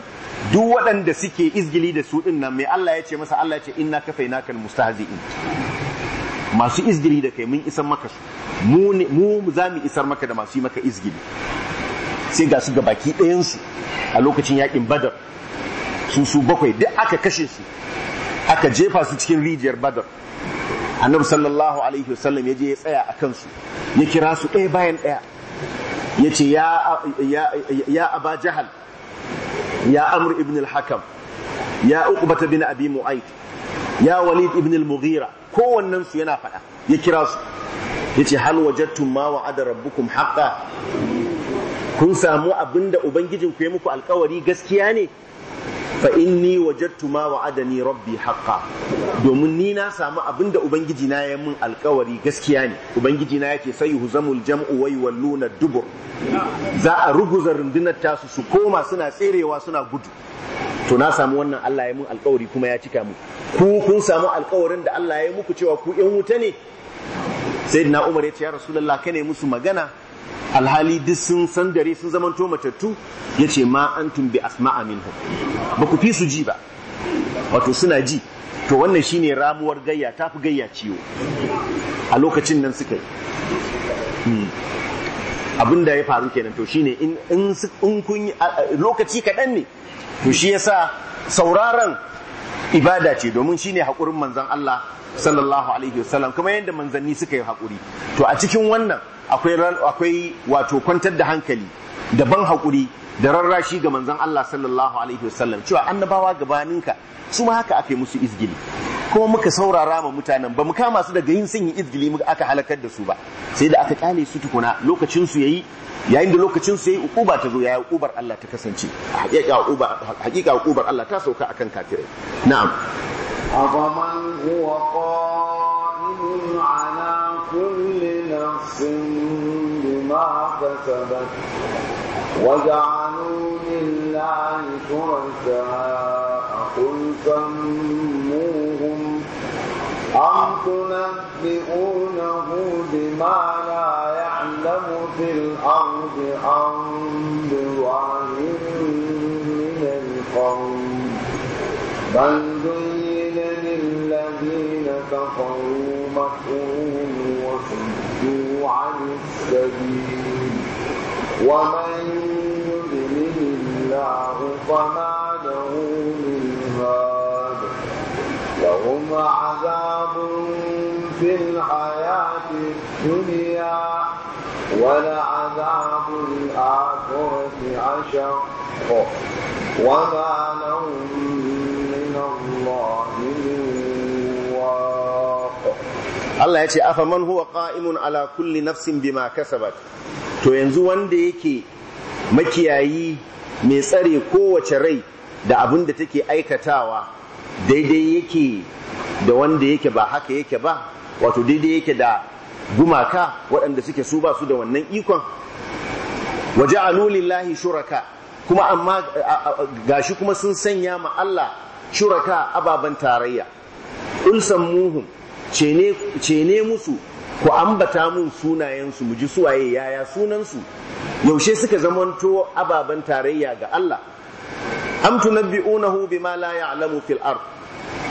duk waɗanda suke izgili da su ɗin nan mai Allah ya ce masa Allah ya ce inna kafainaka almustahzi'in masu izgili da kai mun isar maka su mu mu za mu isar maka da masu yi maka izgili sai ga su gabaki ɗayan a lokacin yakin badar su su bakwai duk aka kashe su aka jefa su cikin rijiyar badar annabi sallallahu alaihi wasallam ya je ya tsaya a kansu ya kira su ɗaya bayan ɗaya ya ce ya aba jahal ya amr ibn al-hakam ya uqbata bin abi mu'ayt ya walid ibn al-mughira su yana faɗa ya kira su yace hal wajadtum ma wa'ada rabbukum haqqan kun samu abinda ku ya muku alkawari gaskiya ne fa inni wajadtu ma wa'adani rabbi haqqa domin ni na samu abinda ubangiji na ya mun alkawari gaskiya ne ubangiji na yake sai huzamul jam'u wa yawluna dubur za a ruguza rundunar tasu su koma suna tserewa suna gudu to na samu wannan Allah ya mun alkawari kuma ya cika mu ku kun samu alkawarin da Allah ya muku cewa ku yan wuta ne sayyidina Umar ya ce ya Rasulullah kane musu magana alhali duk sun san dare sun zamanto matattu yace ma antum bi asma'a minhum ba ku fi su ji ba wato suna ji to wannan shine ramuwar gayya ta fi gayya ciwo a lokacin nan suka yi hmm. abin da ya faru kenan to shine in in kun lokaci kaɗan ne to shi yasa sauraron ibada ce domin shine haƙurin manzon Allah sallallahu alaihi wasallam kuma yadda manzanni suka yi hakuri to a cikin wannan akwai akwai wato kwantar da hankali da ban hakuri da rarrashi ga manzon Allah sallallahu alaihi wasallam cewa annabawa gabaninka su ma haka aka yi musu izgili kuma muka saurara ma mutanen ba mu kama su daga yin sun yi izgili muka aka halakar da su ba sai da aka kyale su tukuna lokacin su yayi yayin da lokacin su yayi ukuba ta zo yayi ukubar Allah ta kasance hakika hakika ukubar Allah ta sauka akan kafirai na'am أفمن هو قائم على كل نفس بما كسبت وجعلوا لله شركاء قل سموهم أم تنبئونه بما لا يعلم في الأرض أم بظاهر من القوم بل كفروا مكرهم وصدوا عن السبيل ومن يضلل الله فما له من هاد لهم عذاب في الحياة الدنيا ولعذاب الآخرة أشق وما لهم Allah ya ce afaman huwa qa'imun ala kulli nafsin bima kasabat to yanzu wanda yake makiyayi mai tsare kowace rai da abin da take aikatawa daidai yake da wanda yake ba haka yake ba wato daidai yake da gumaka waɗanda suke su ba su da wannan ikon waje alulillahi shuraka kuma amma gashi kuma sun sanya ma Allah shuraka ababen tarayya ulsan muhum cene musu ku ambata mun sunayensu mu ji suwaye yaya sunansu yaushe suka zamanto ababen tarayya ga Allah am tunabbi'unahu bima la ya'lamu fil ard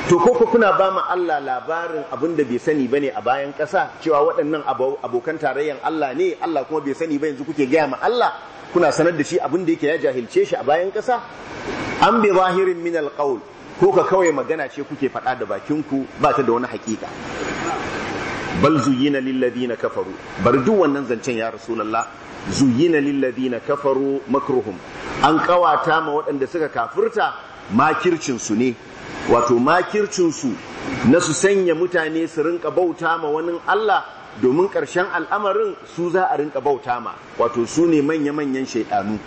to ko kuna ba mu Allah labarin abin da bai sani bane a bayan ƙasa cewa waɗannan abokan tarayyan Allah ne Allah kuma bai sani ba yanzu kuke gaya ma Allah kuna sanar da shi abin da yake ya jahilce shi a bayan ƙasa am bi zahirin min al-qawl ko ka kawai magana ce kuke faɗa da bakinku ba ta da wani haƙiƙa bal zuyina lilladina kafaru bar duk wannan zancen ya rasulullah zuyina lilladina kafaru makruhum an kawata ma waɗanda suka kafirta makircin su ne wato makircin su na su sanya mutane su rinka bauta ma wani Allah domin ƙarshen al'amarin su za a rinka bauta ma wato su ne manya-manyan shaidanu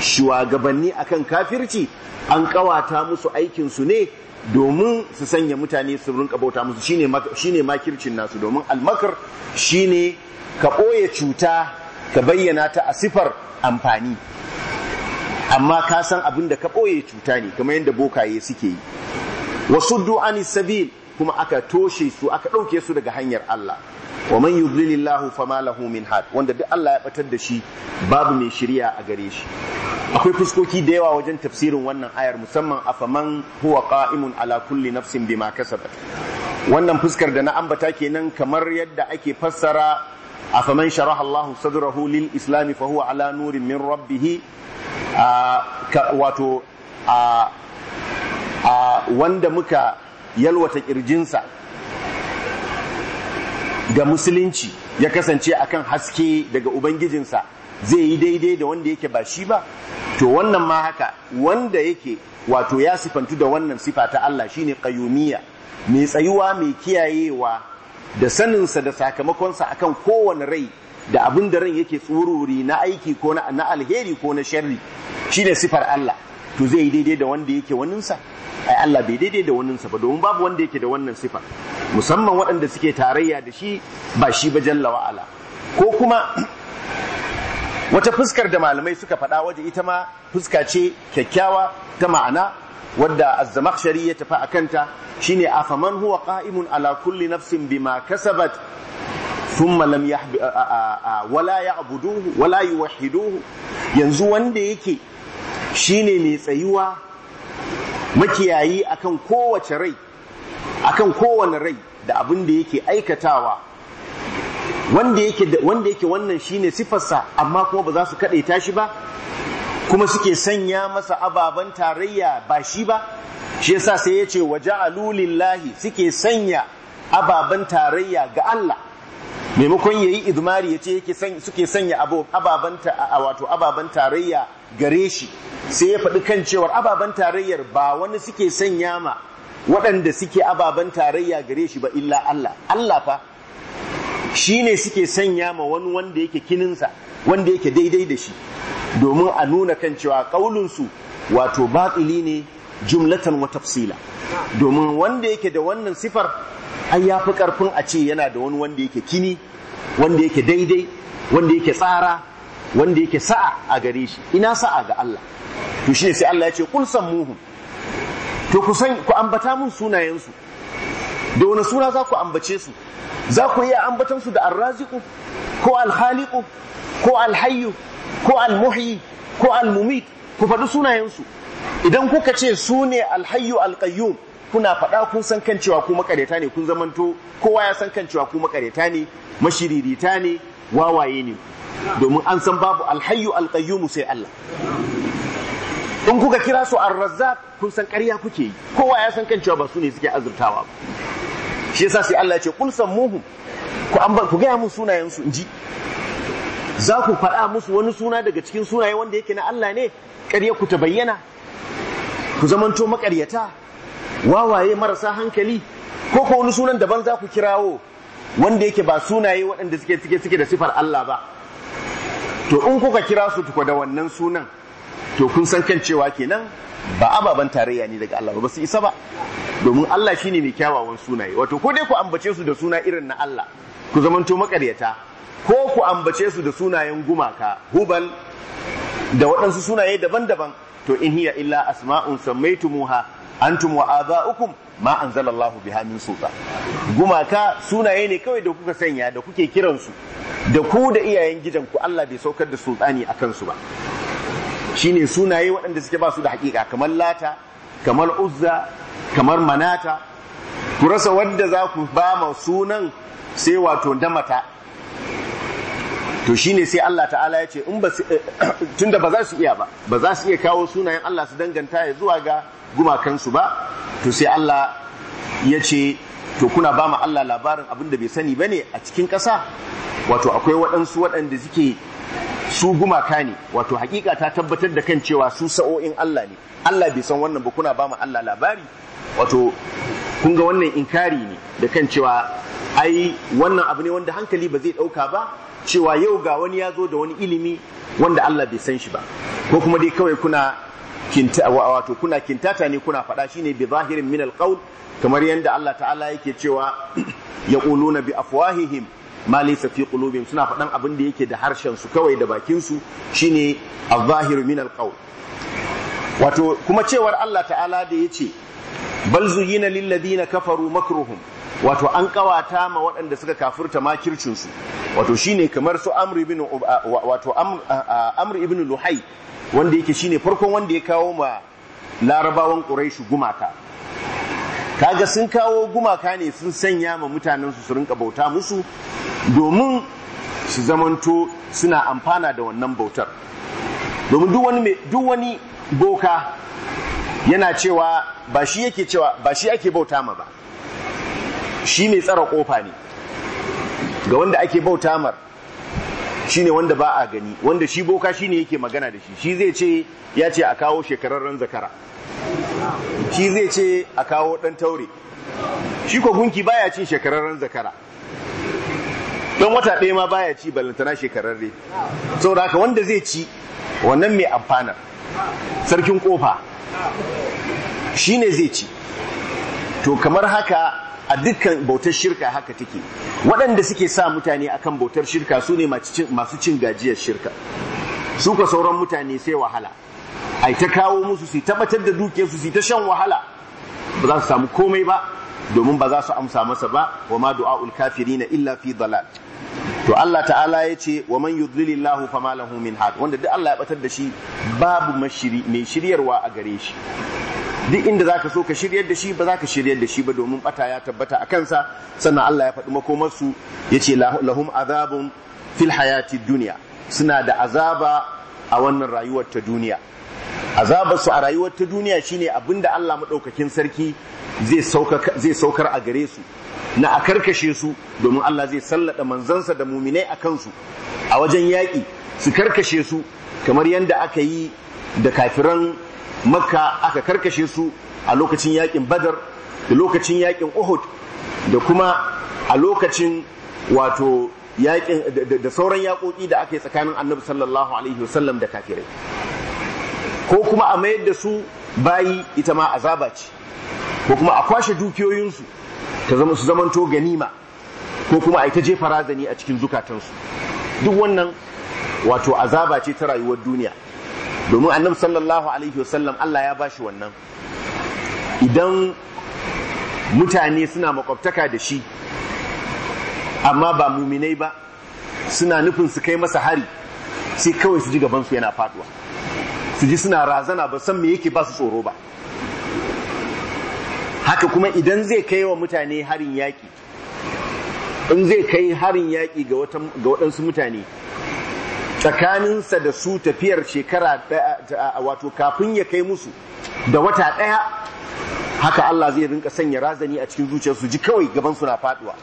shugabanni akan kafirci an kawata musu aikin su ne domin su sanya mutane su rinka bauta musu shine ma makircin nasu domin almakar shine ka ɓoye cuta ka bayyana ta a sifar amfani amma ka san abin da ka ɓoye cuta ne kamar yadda bokaye suke yi wasu du'ani sabil kuma aka toshe su aka ɗauke su daga hanyar Allah wa man yudlilillahu fama lahu min had wanda duk Allah ya batar da shi babu mai shirya a gare shi akwai fuskoki da yawa wajen tafsirin wannan ayar musamman afaman huwa qa'imun ala kulli nafsin bima kasabat wannan fuskar da na ambata kenan kamar yadda ake fassara afaman sharaha Allahu sadrahu lil islami fa huwa ala nurin min rabbih wato a wanda muka yalwata kirjinsa ga musulunci ya kasance akan haske daga ubangijinsa zai yi daidai da wanda yake ba shi ba to wannan ma haka wanda yake wato ya sifantu da wannan sifa ta Allah shine qayyumiyya mai tsayuwa mai kiyayewa da saninsa da sakamakonsa akan kowane rai da abin da ran yake tsururi na aiki ko na alheri ko na sharri shine sifar Allah to zai yi daidai da wanda yake waninsa ai Allah bai daidai da wannan sa ba domin babu wanda yake da wannan sifa musamman waɗanda suke tarayya da shi ba shi ba jalla wa ala ko kuma [clears throat] wata fuskar da malamai suka faɗa waje ita ma fuska ce kyakkyawa ta ma'ana wadda az-zamakhshari ya tafi akanta shine afaman huwa qa'imun ala kulli nafsin bima kasabat thumma lam yahbi wala ya'buduhu wala yuwahhiduhu yanzu wanda yake shine mai tsayuwa makiyayi akan kowace rai akan kowane rai da abin da yake aikatawa wanda yake wanda yake wannan shine sifarsa amma kuma ba za su ta shi ba kuma suke sanya masa ababen tarayya ba shi ba shi yasa sai ya ce a ja'alu suke sanya ababen tarayya ga Allah maimakon yayi idmari ya yake suke sanya ababen wato ababen tarayya gare shi sai ya faɗi kan cewar ababen tarayyar ba wani suke sanya ma waɗanda suke ababen tarayya gare shi ba illa Allah Allah fa shi ne suke sanya ma wani wanda yake kininsa wanda yake daidai da shi domin a nuna kan cewa ƙaulinsu wato baƙili ne jumlatan wa tafsila domin wanda yake da wannan sifar an ya fi ƙarfin a ce yana da wani wanda yake kini wanda yake daidai wanda yake tsara wanda yake sa'a a gare shi ina sa'a ga Allah to shi sai Allah ya ce kul muhu? to ku san ku ambata mun sunayensu? da wani suna za ku ambace su za ku iya ambatan su da arraziku ko alhaliku ko alhayyu ko almuhyi ko almumit ku faɗi sunayensu. idan kuka ce su ne alhayyu alqayyum kuna faɗa kun san kan cewa ku makareta ne kun zamanto kowa ya san kan cewa ku makareta ne mashiririta ne wawaye ne domin an san babu alhayyu alqayyumu sai Allah in kuka kira su ar kun san ƙarya kuke yi kowa ya san kan cewa ba su ne suke azurtawa ba shi yasa sai Allah ya ce san muhu, ku an ku gaya mu sunayen su ji za ku faɗa musu wani suna daga cikin sunaye wanda yake na Allah ne ƙarya ku ta bayyana ku zamanto maƙaryata wawaye marasa hankali ko ko wani sunan daban za ku kirawo wanda yake ba sunaye waɗanda suke suke suke da sifar Allah ba to in kuka kira su tuko da wannan sunan to kun san kan cewa kenan ba ababen tarayya ne daga Allah ba su isa ba domin Allah shine mai kyawawan sunaye wato ko dai ku ambace su da suna irin na Allah ku zamanto makaryata ko ku ambace su da sunayen gumaka hubal da waɗansu sunaye daban-daban to in hiya illa asma'un sammaytumuha antum wa aba'ukum ma anzalallahu biha min sulta gumaka sunaye ne kawai da kuka sanya da kuke kiransu da ku da iyayen gidanku Allah bai saukar da sultani akan su ba shine sunaye waɗanda suke ba su da hakika kamar lata kamar uzza kamar manata ku rasa wadda za ku ba ma sunan sai wato mata. to shine sai Allah ta'ala ya ce in ba eh, tunda ba za su iya ba ba za su iya kawo sunayen Allah su danganta ya zuwa ga gumakansu ba to sai Allah ya ce to kuna ba mu Allah labarin abin da bai sani ba ne a cikin ƙasa wato akwai waɗansu waɗanda suke su gumaka ne wato hakika ta tabbatar da kan cewa su sa'o'in Allah ne Allah bai san wannan ba kuna ba mu Allah labari wato kun ga wannan inkari ne da kan cewa ai wannan abu ne wanda hankali ba zai ɗauka ba cewa yau ga wani ya zo da wani ilimi wanda Allah bai san shi ba ko kuma dai kawai kuna kinta wato kuna kintata ne kuna faɗa shine bi zahirin min alqaul kamar yadda Allah ta'ala yake cewa [clears throat] yaquluna bi afwahihim ma laysa fi qulubihim suna faɗan abin da yake da harshen su kawai da bakin su shine az-zahiru min alqaul wato kuma cewar Allah ta'ala da yace bal zuyina lil ladina kafaru makruhum wato an kawata ma waɗanda suka ma makircinsu wato shine kamar su amr ibn uh, wato uh, uh, luhai wanda yake shine farkon wanda ya kawo ma larabawan quraish gumaka kaga sun kawo gumaka ne sun sanya ma mutanen su su rinka bauta musu domin su zamanto suna amfana da wannan bautar domin duk wani duk wani boka yana cewa ba shi yake cewa ba shi ake bauta ma ba shi mai tsara kofa ne ga wanda ake bauta mar shine wanda ba a gani wanda shi boka shi ne yake magana da shi shi zai ce ya ce a kawo shekararren zakara shi zai ce a kawo dan taure shi ko gunki baya cin shekararren zakara Ɗan wata ɗaya ma baya ci ballantana shekararre saboda haka wanda zai ci wannan mai amfana sarkin kofa ne zai ci to kamar haka a dukkan bautar shirka haka take waɗanda suke sa mutane akan bautar shirka su ne masu cin gajiyar shirka su ka sauran mutane sai wahala ai ta kawo musu su tabbatar da dukiyarsu su ta shan wahala ba za su samu komai ba domin ba za su amsa masa ba wa ma du'a'ul kafirina illa fi dalal to Allah ta'ala ya ce wa man yudlilillahu fama lahu min had wanda duk Allah ya batar da shi babu mashiri mai shiryarwa a gare shi duk inda za ka so ka shiryar da shi ba za ka shiryar da shi ba domin bata ya tabbata a kansa sannan Allah ya faɗi makomarsu ya ce lahum azabun fil hayati duniya suna da azaba a wannan rayuwar ta duniya azabar a rayuwar ta duniya shine abin da Allah maɗaukakin sarki zai saukar a gare su na a karkashe su domin Allah zai sallada manzansa da muminai a kansu a wajen yaƙi su karkashe su kamar yadda aka yi da kafiran makka aka karkashe su a lokacin yakin badar da lokacin yakin uhud da kuma a lokacin wato yakin da sauran yakoki da aka yi tsakanin annabi sallallahu alaihi wasallam da kafirai ko kuma a mayar da su bayi ita ma azaba ce ko kuma a kwashe dukiyoyinsu ta zama su zamanto ganima ko kuma a ita jefa razani a cikin zukatansu duk wannan wato azaba ce ta rayuwar duniya domin annabi sallallahu alaihi wasallam Allah ya bashi wannan idan mutane suna makwabtaka da shi amma ba muminai ba suna nufin su kai masa hari sai kawai su ji gabansu yana faduwa su ji suna razana ba san me yake ba su tsoro ba haka kuma idan zai kai wa mutane harin yaƙi in zai kai harin yaƙi ga waɗansu mutane tsakaninsa da su tafiyar shekara wato kafin ya kai musu da wata ɗaya haka Allah zai rinka sanya razani a cikin zuciyarsu ji kawai gaban na faduwa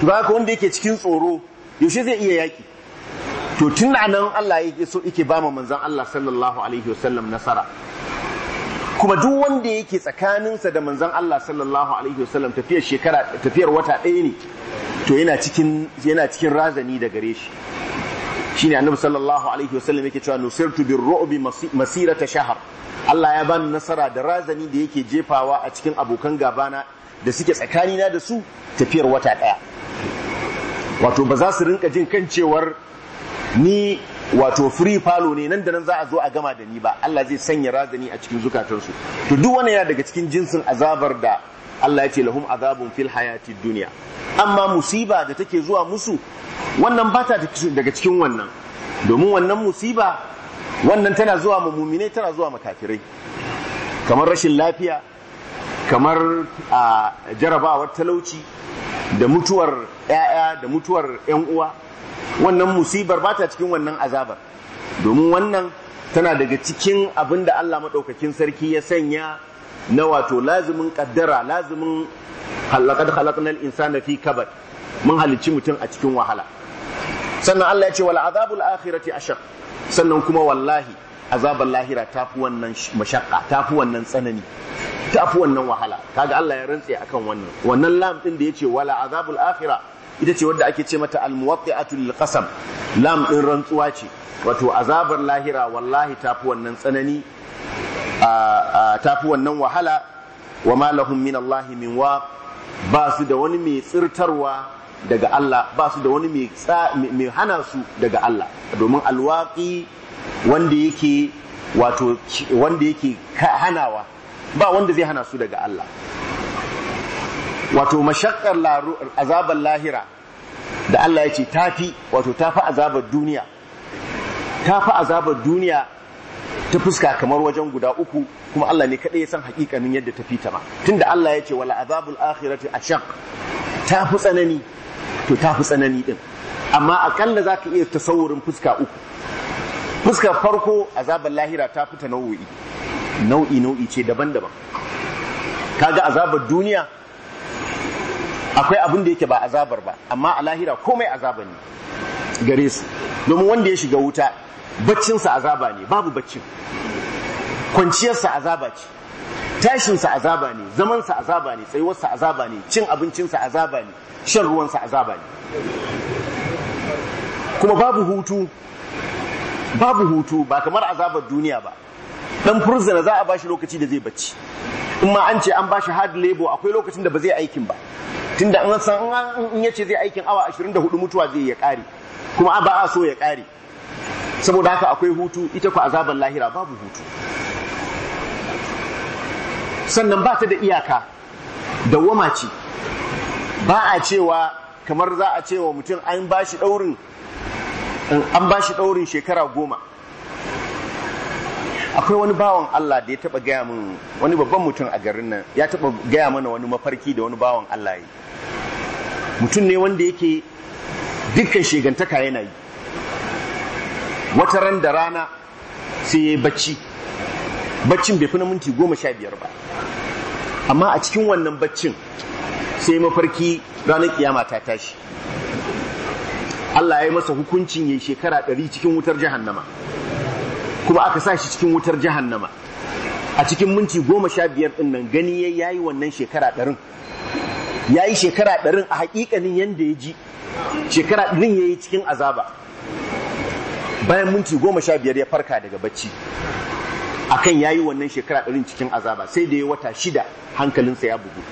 to ba haka wanda yake cikin tsoro yaushe zai iya yaki to tun nan Allah yake so yake ba mu manzon Allah sallallahu alaihi wasallam nasara kuma duk wanda yake tsakaninsa da manzon Allah sallallahu alaihi wasallam tafiyar shekara tafiyar wata ɗaya ne to yana cikin yana cikin razani da gare shi shine annabi sallallahu alaihi wasallam yake cewa nusirtu bir ru'bi masirata shahar Allah ya bani nasara da razani da yake jefawa a cikin abokan gabana da suke tsakanina da su tafiyar wata daya wato ba za su rinka jin kan cewar ni wato free falo ne nan da nan za a zo a gama da ni ba Allah zai sanya razani a cikin zukatansu to duk wani yana daga cikin jinsin azabar da Allah ya ce lahum azabun fil hayati duniya amma musiba da take zuwa musu wannan ba ta daga cikin wannan domin wannan musiba wannan tana zuwa ma muminai tana zuwa ma kafirai kamar rashin lafiya kamar a jarabawar talauci da mutuwar 'ya'ya da mutuwar 'yan uwa wannan musibar ba ta cikin wannan azabar domin wannan tana daga cikin abin da Allah maɗaukakin sarki ya sanya na wato lazimin kaddara lazimin halakad halaknal insana fi kabar mun halicci mutum a cikin wahala sannan Allah ya ce wal azabul akhirati ashaq sannan kuma wallahi azabar lahira tafi wannan mashaqqa tafi wannan tsanani tafi wannan wahala kaga Allah ya rantse akan wannan wannan lam din da yace wala azabul akhira ita ce wadda ake ce mata almuwatti'atu lil qasam lam din rantsuwa ce wato azabar lahira wallahi tafi wannan tsanani tafi wannan wahala wa malahun minallahi min Allahi min wa ba su da wani mai tsirtarwa daga Allah ba su da wani mai hana su daga Allah domin alwaƙi wanda yake wato wanda yake hanawa ba wanda zai hana su daga Allah wato mashakar azabar lahira da Allah ya ce tafi wato tafi azabar duniya tafi azabar duniya ta fuska kamar wajen guda uku kuma Allah ne kaɗai ya san hakikanin yadda ta fita ma tunda Allah ya ce wala azabul akhirati ashaq ta fi tsanani to ta fi tsanani din amma akalla zaka iya tasawurin fuska uku fuskar farko azabar lahira ta fita nau'i nau'i nau'i ce daban-daban kaga azabar duniya akwai abin da yake ba azabar ba amma a lahira komai azaba ne gare su domin wanda ya shiga wuta baccinsa azaba ne babu baccin kwanciyarsa azaba ce tashinsa azaba ne zamansa azaba ne tsayuwarsa azaba ne cin abincinsa azaba ne shan ruwansa azaba ne kuma babu hutu babu hutu ba kamar azabar duniya ba dan furzana za a bashi lokaci da zai bacci in ma an ce an bashi hard labor akwai lokacin da ba zai aikin ba tunda an san in yace zai aikin awa 24 mutuwa zai ya kare kuma ba a so ya kare saboda haka akwai hutu ita ku azaban lahira babu hutu sannan ba ta da iyaka dawwama ce ba a cewa kamar za a cewa mutum an ba shi ɗaurin an ba shi ɗaurin shekara goma akwai wani bawan Allah da ya taɓa gaya min wani babban mutum a garin nan ya taɓa gaya mana wani mafarki da wani bawan Allah yi mutum ne wanda yake dukkan shegantaka yana yi wata ran da rana sai ya yi bacci baccin bai fi minti goma sha biyar ba amma a cikin wannan baccin sai mafarki ranar kiyama ta tashi Allah ya yi masa hukuncin ya yi shekara ɗari cikin wutar jahannama kuma aka sa shi cikin wutar jahannama a cikin minti goma sha biyar ɗin nan gani ya yi wannan shekara ɗarin ya yi shekara ɗarin a haƙiƙanin yadda ya ji shekara ɗarin ya yi cikin azaba bayan minti goma sha biyar ya farka daga bacci akan ya yi wannan shekara ɗarin cikin azaba sai da ya wata shida hankalinsa ya bugu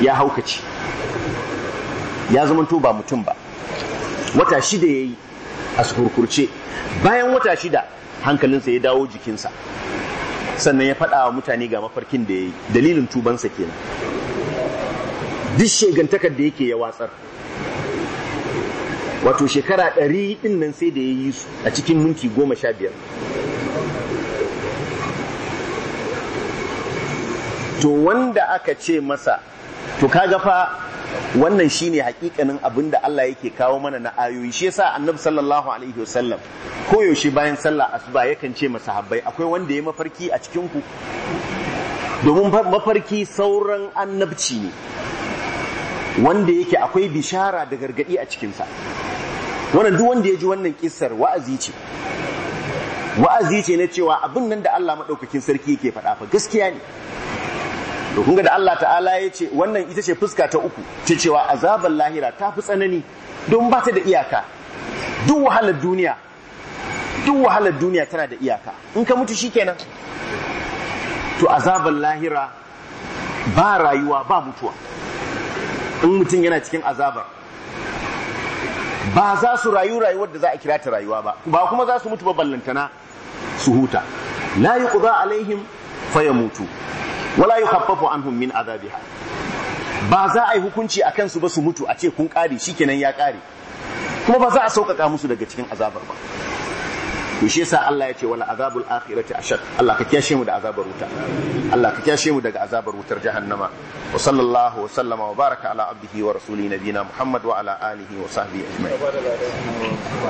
ya haukaci ya zama to ba mutum ba wata shida ya yi a sukurkurce bayan wata shida hankalinsa ya dawo jikinsa sannan ya faɗa wa mutane ga mafarkin da ya yi dalilin tubansa kenan duk shegantakar da yake ya watsar wato shekara ɗari ɗin nan sai da ya yi su a cikin minti goma sha biyar to wanda aka ce masa to kaga fa wannan shine hakikanin abin da Allah yake kawo mana na ayoyi shi yasa annabi sallallahu alaihi wasallam koyaushe bayan sallah asuba yakan ce masa habbai akwai wanda ya mafarki a cikin domin mafarki sauran annabci ne wanda yake akwai bishara da gargadi a cikinsa wannan duk wanda ya ji wannan kissar wa'azi ce wa'azi ce na cewa abin nan da Allah maɗaukakin sarki yake faɗa fa gaskiya ne to kun ga da Allah ta'ala ya ce wannan ita ce fuska ta uku ce cewa azabar lahira ta fi tsanani don ba ta da iyaka duk wahalar duniya duk wahalar duniya tana da iyaka in ka mutu shikenan to azabar lahira ba rayuwa ba mutuwa in mutum yana cikin azabar ba za su rayu rayuwar da za a kira ta rayuwa ba ba kuma za su mutu ba ballantana su huta la yuqda alaihim mutu wala yi an anhum min azabiha ba za a yi hukunci a kansu ba su mutu a ce kun shi kenan ya kare kuma ba za a sauƙaƙa musu daga cikin azabar ba to shi yasa Allah ya ce wala azabul akhirati ashad Allah ka kyashe mu da azabar wuta Allah ka kyashe mu daga azabar wutar jahannama wa sallallahu wa sallama wa baraka ala abdihi wa rasuli nabina Muhammad wa ala alihi wa sahbihi ajma'in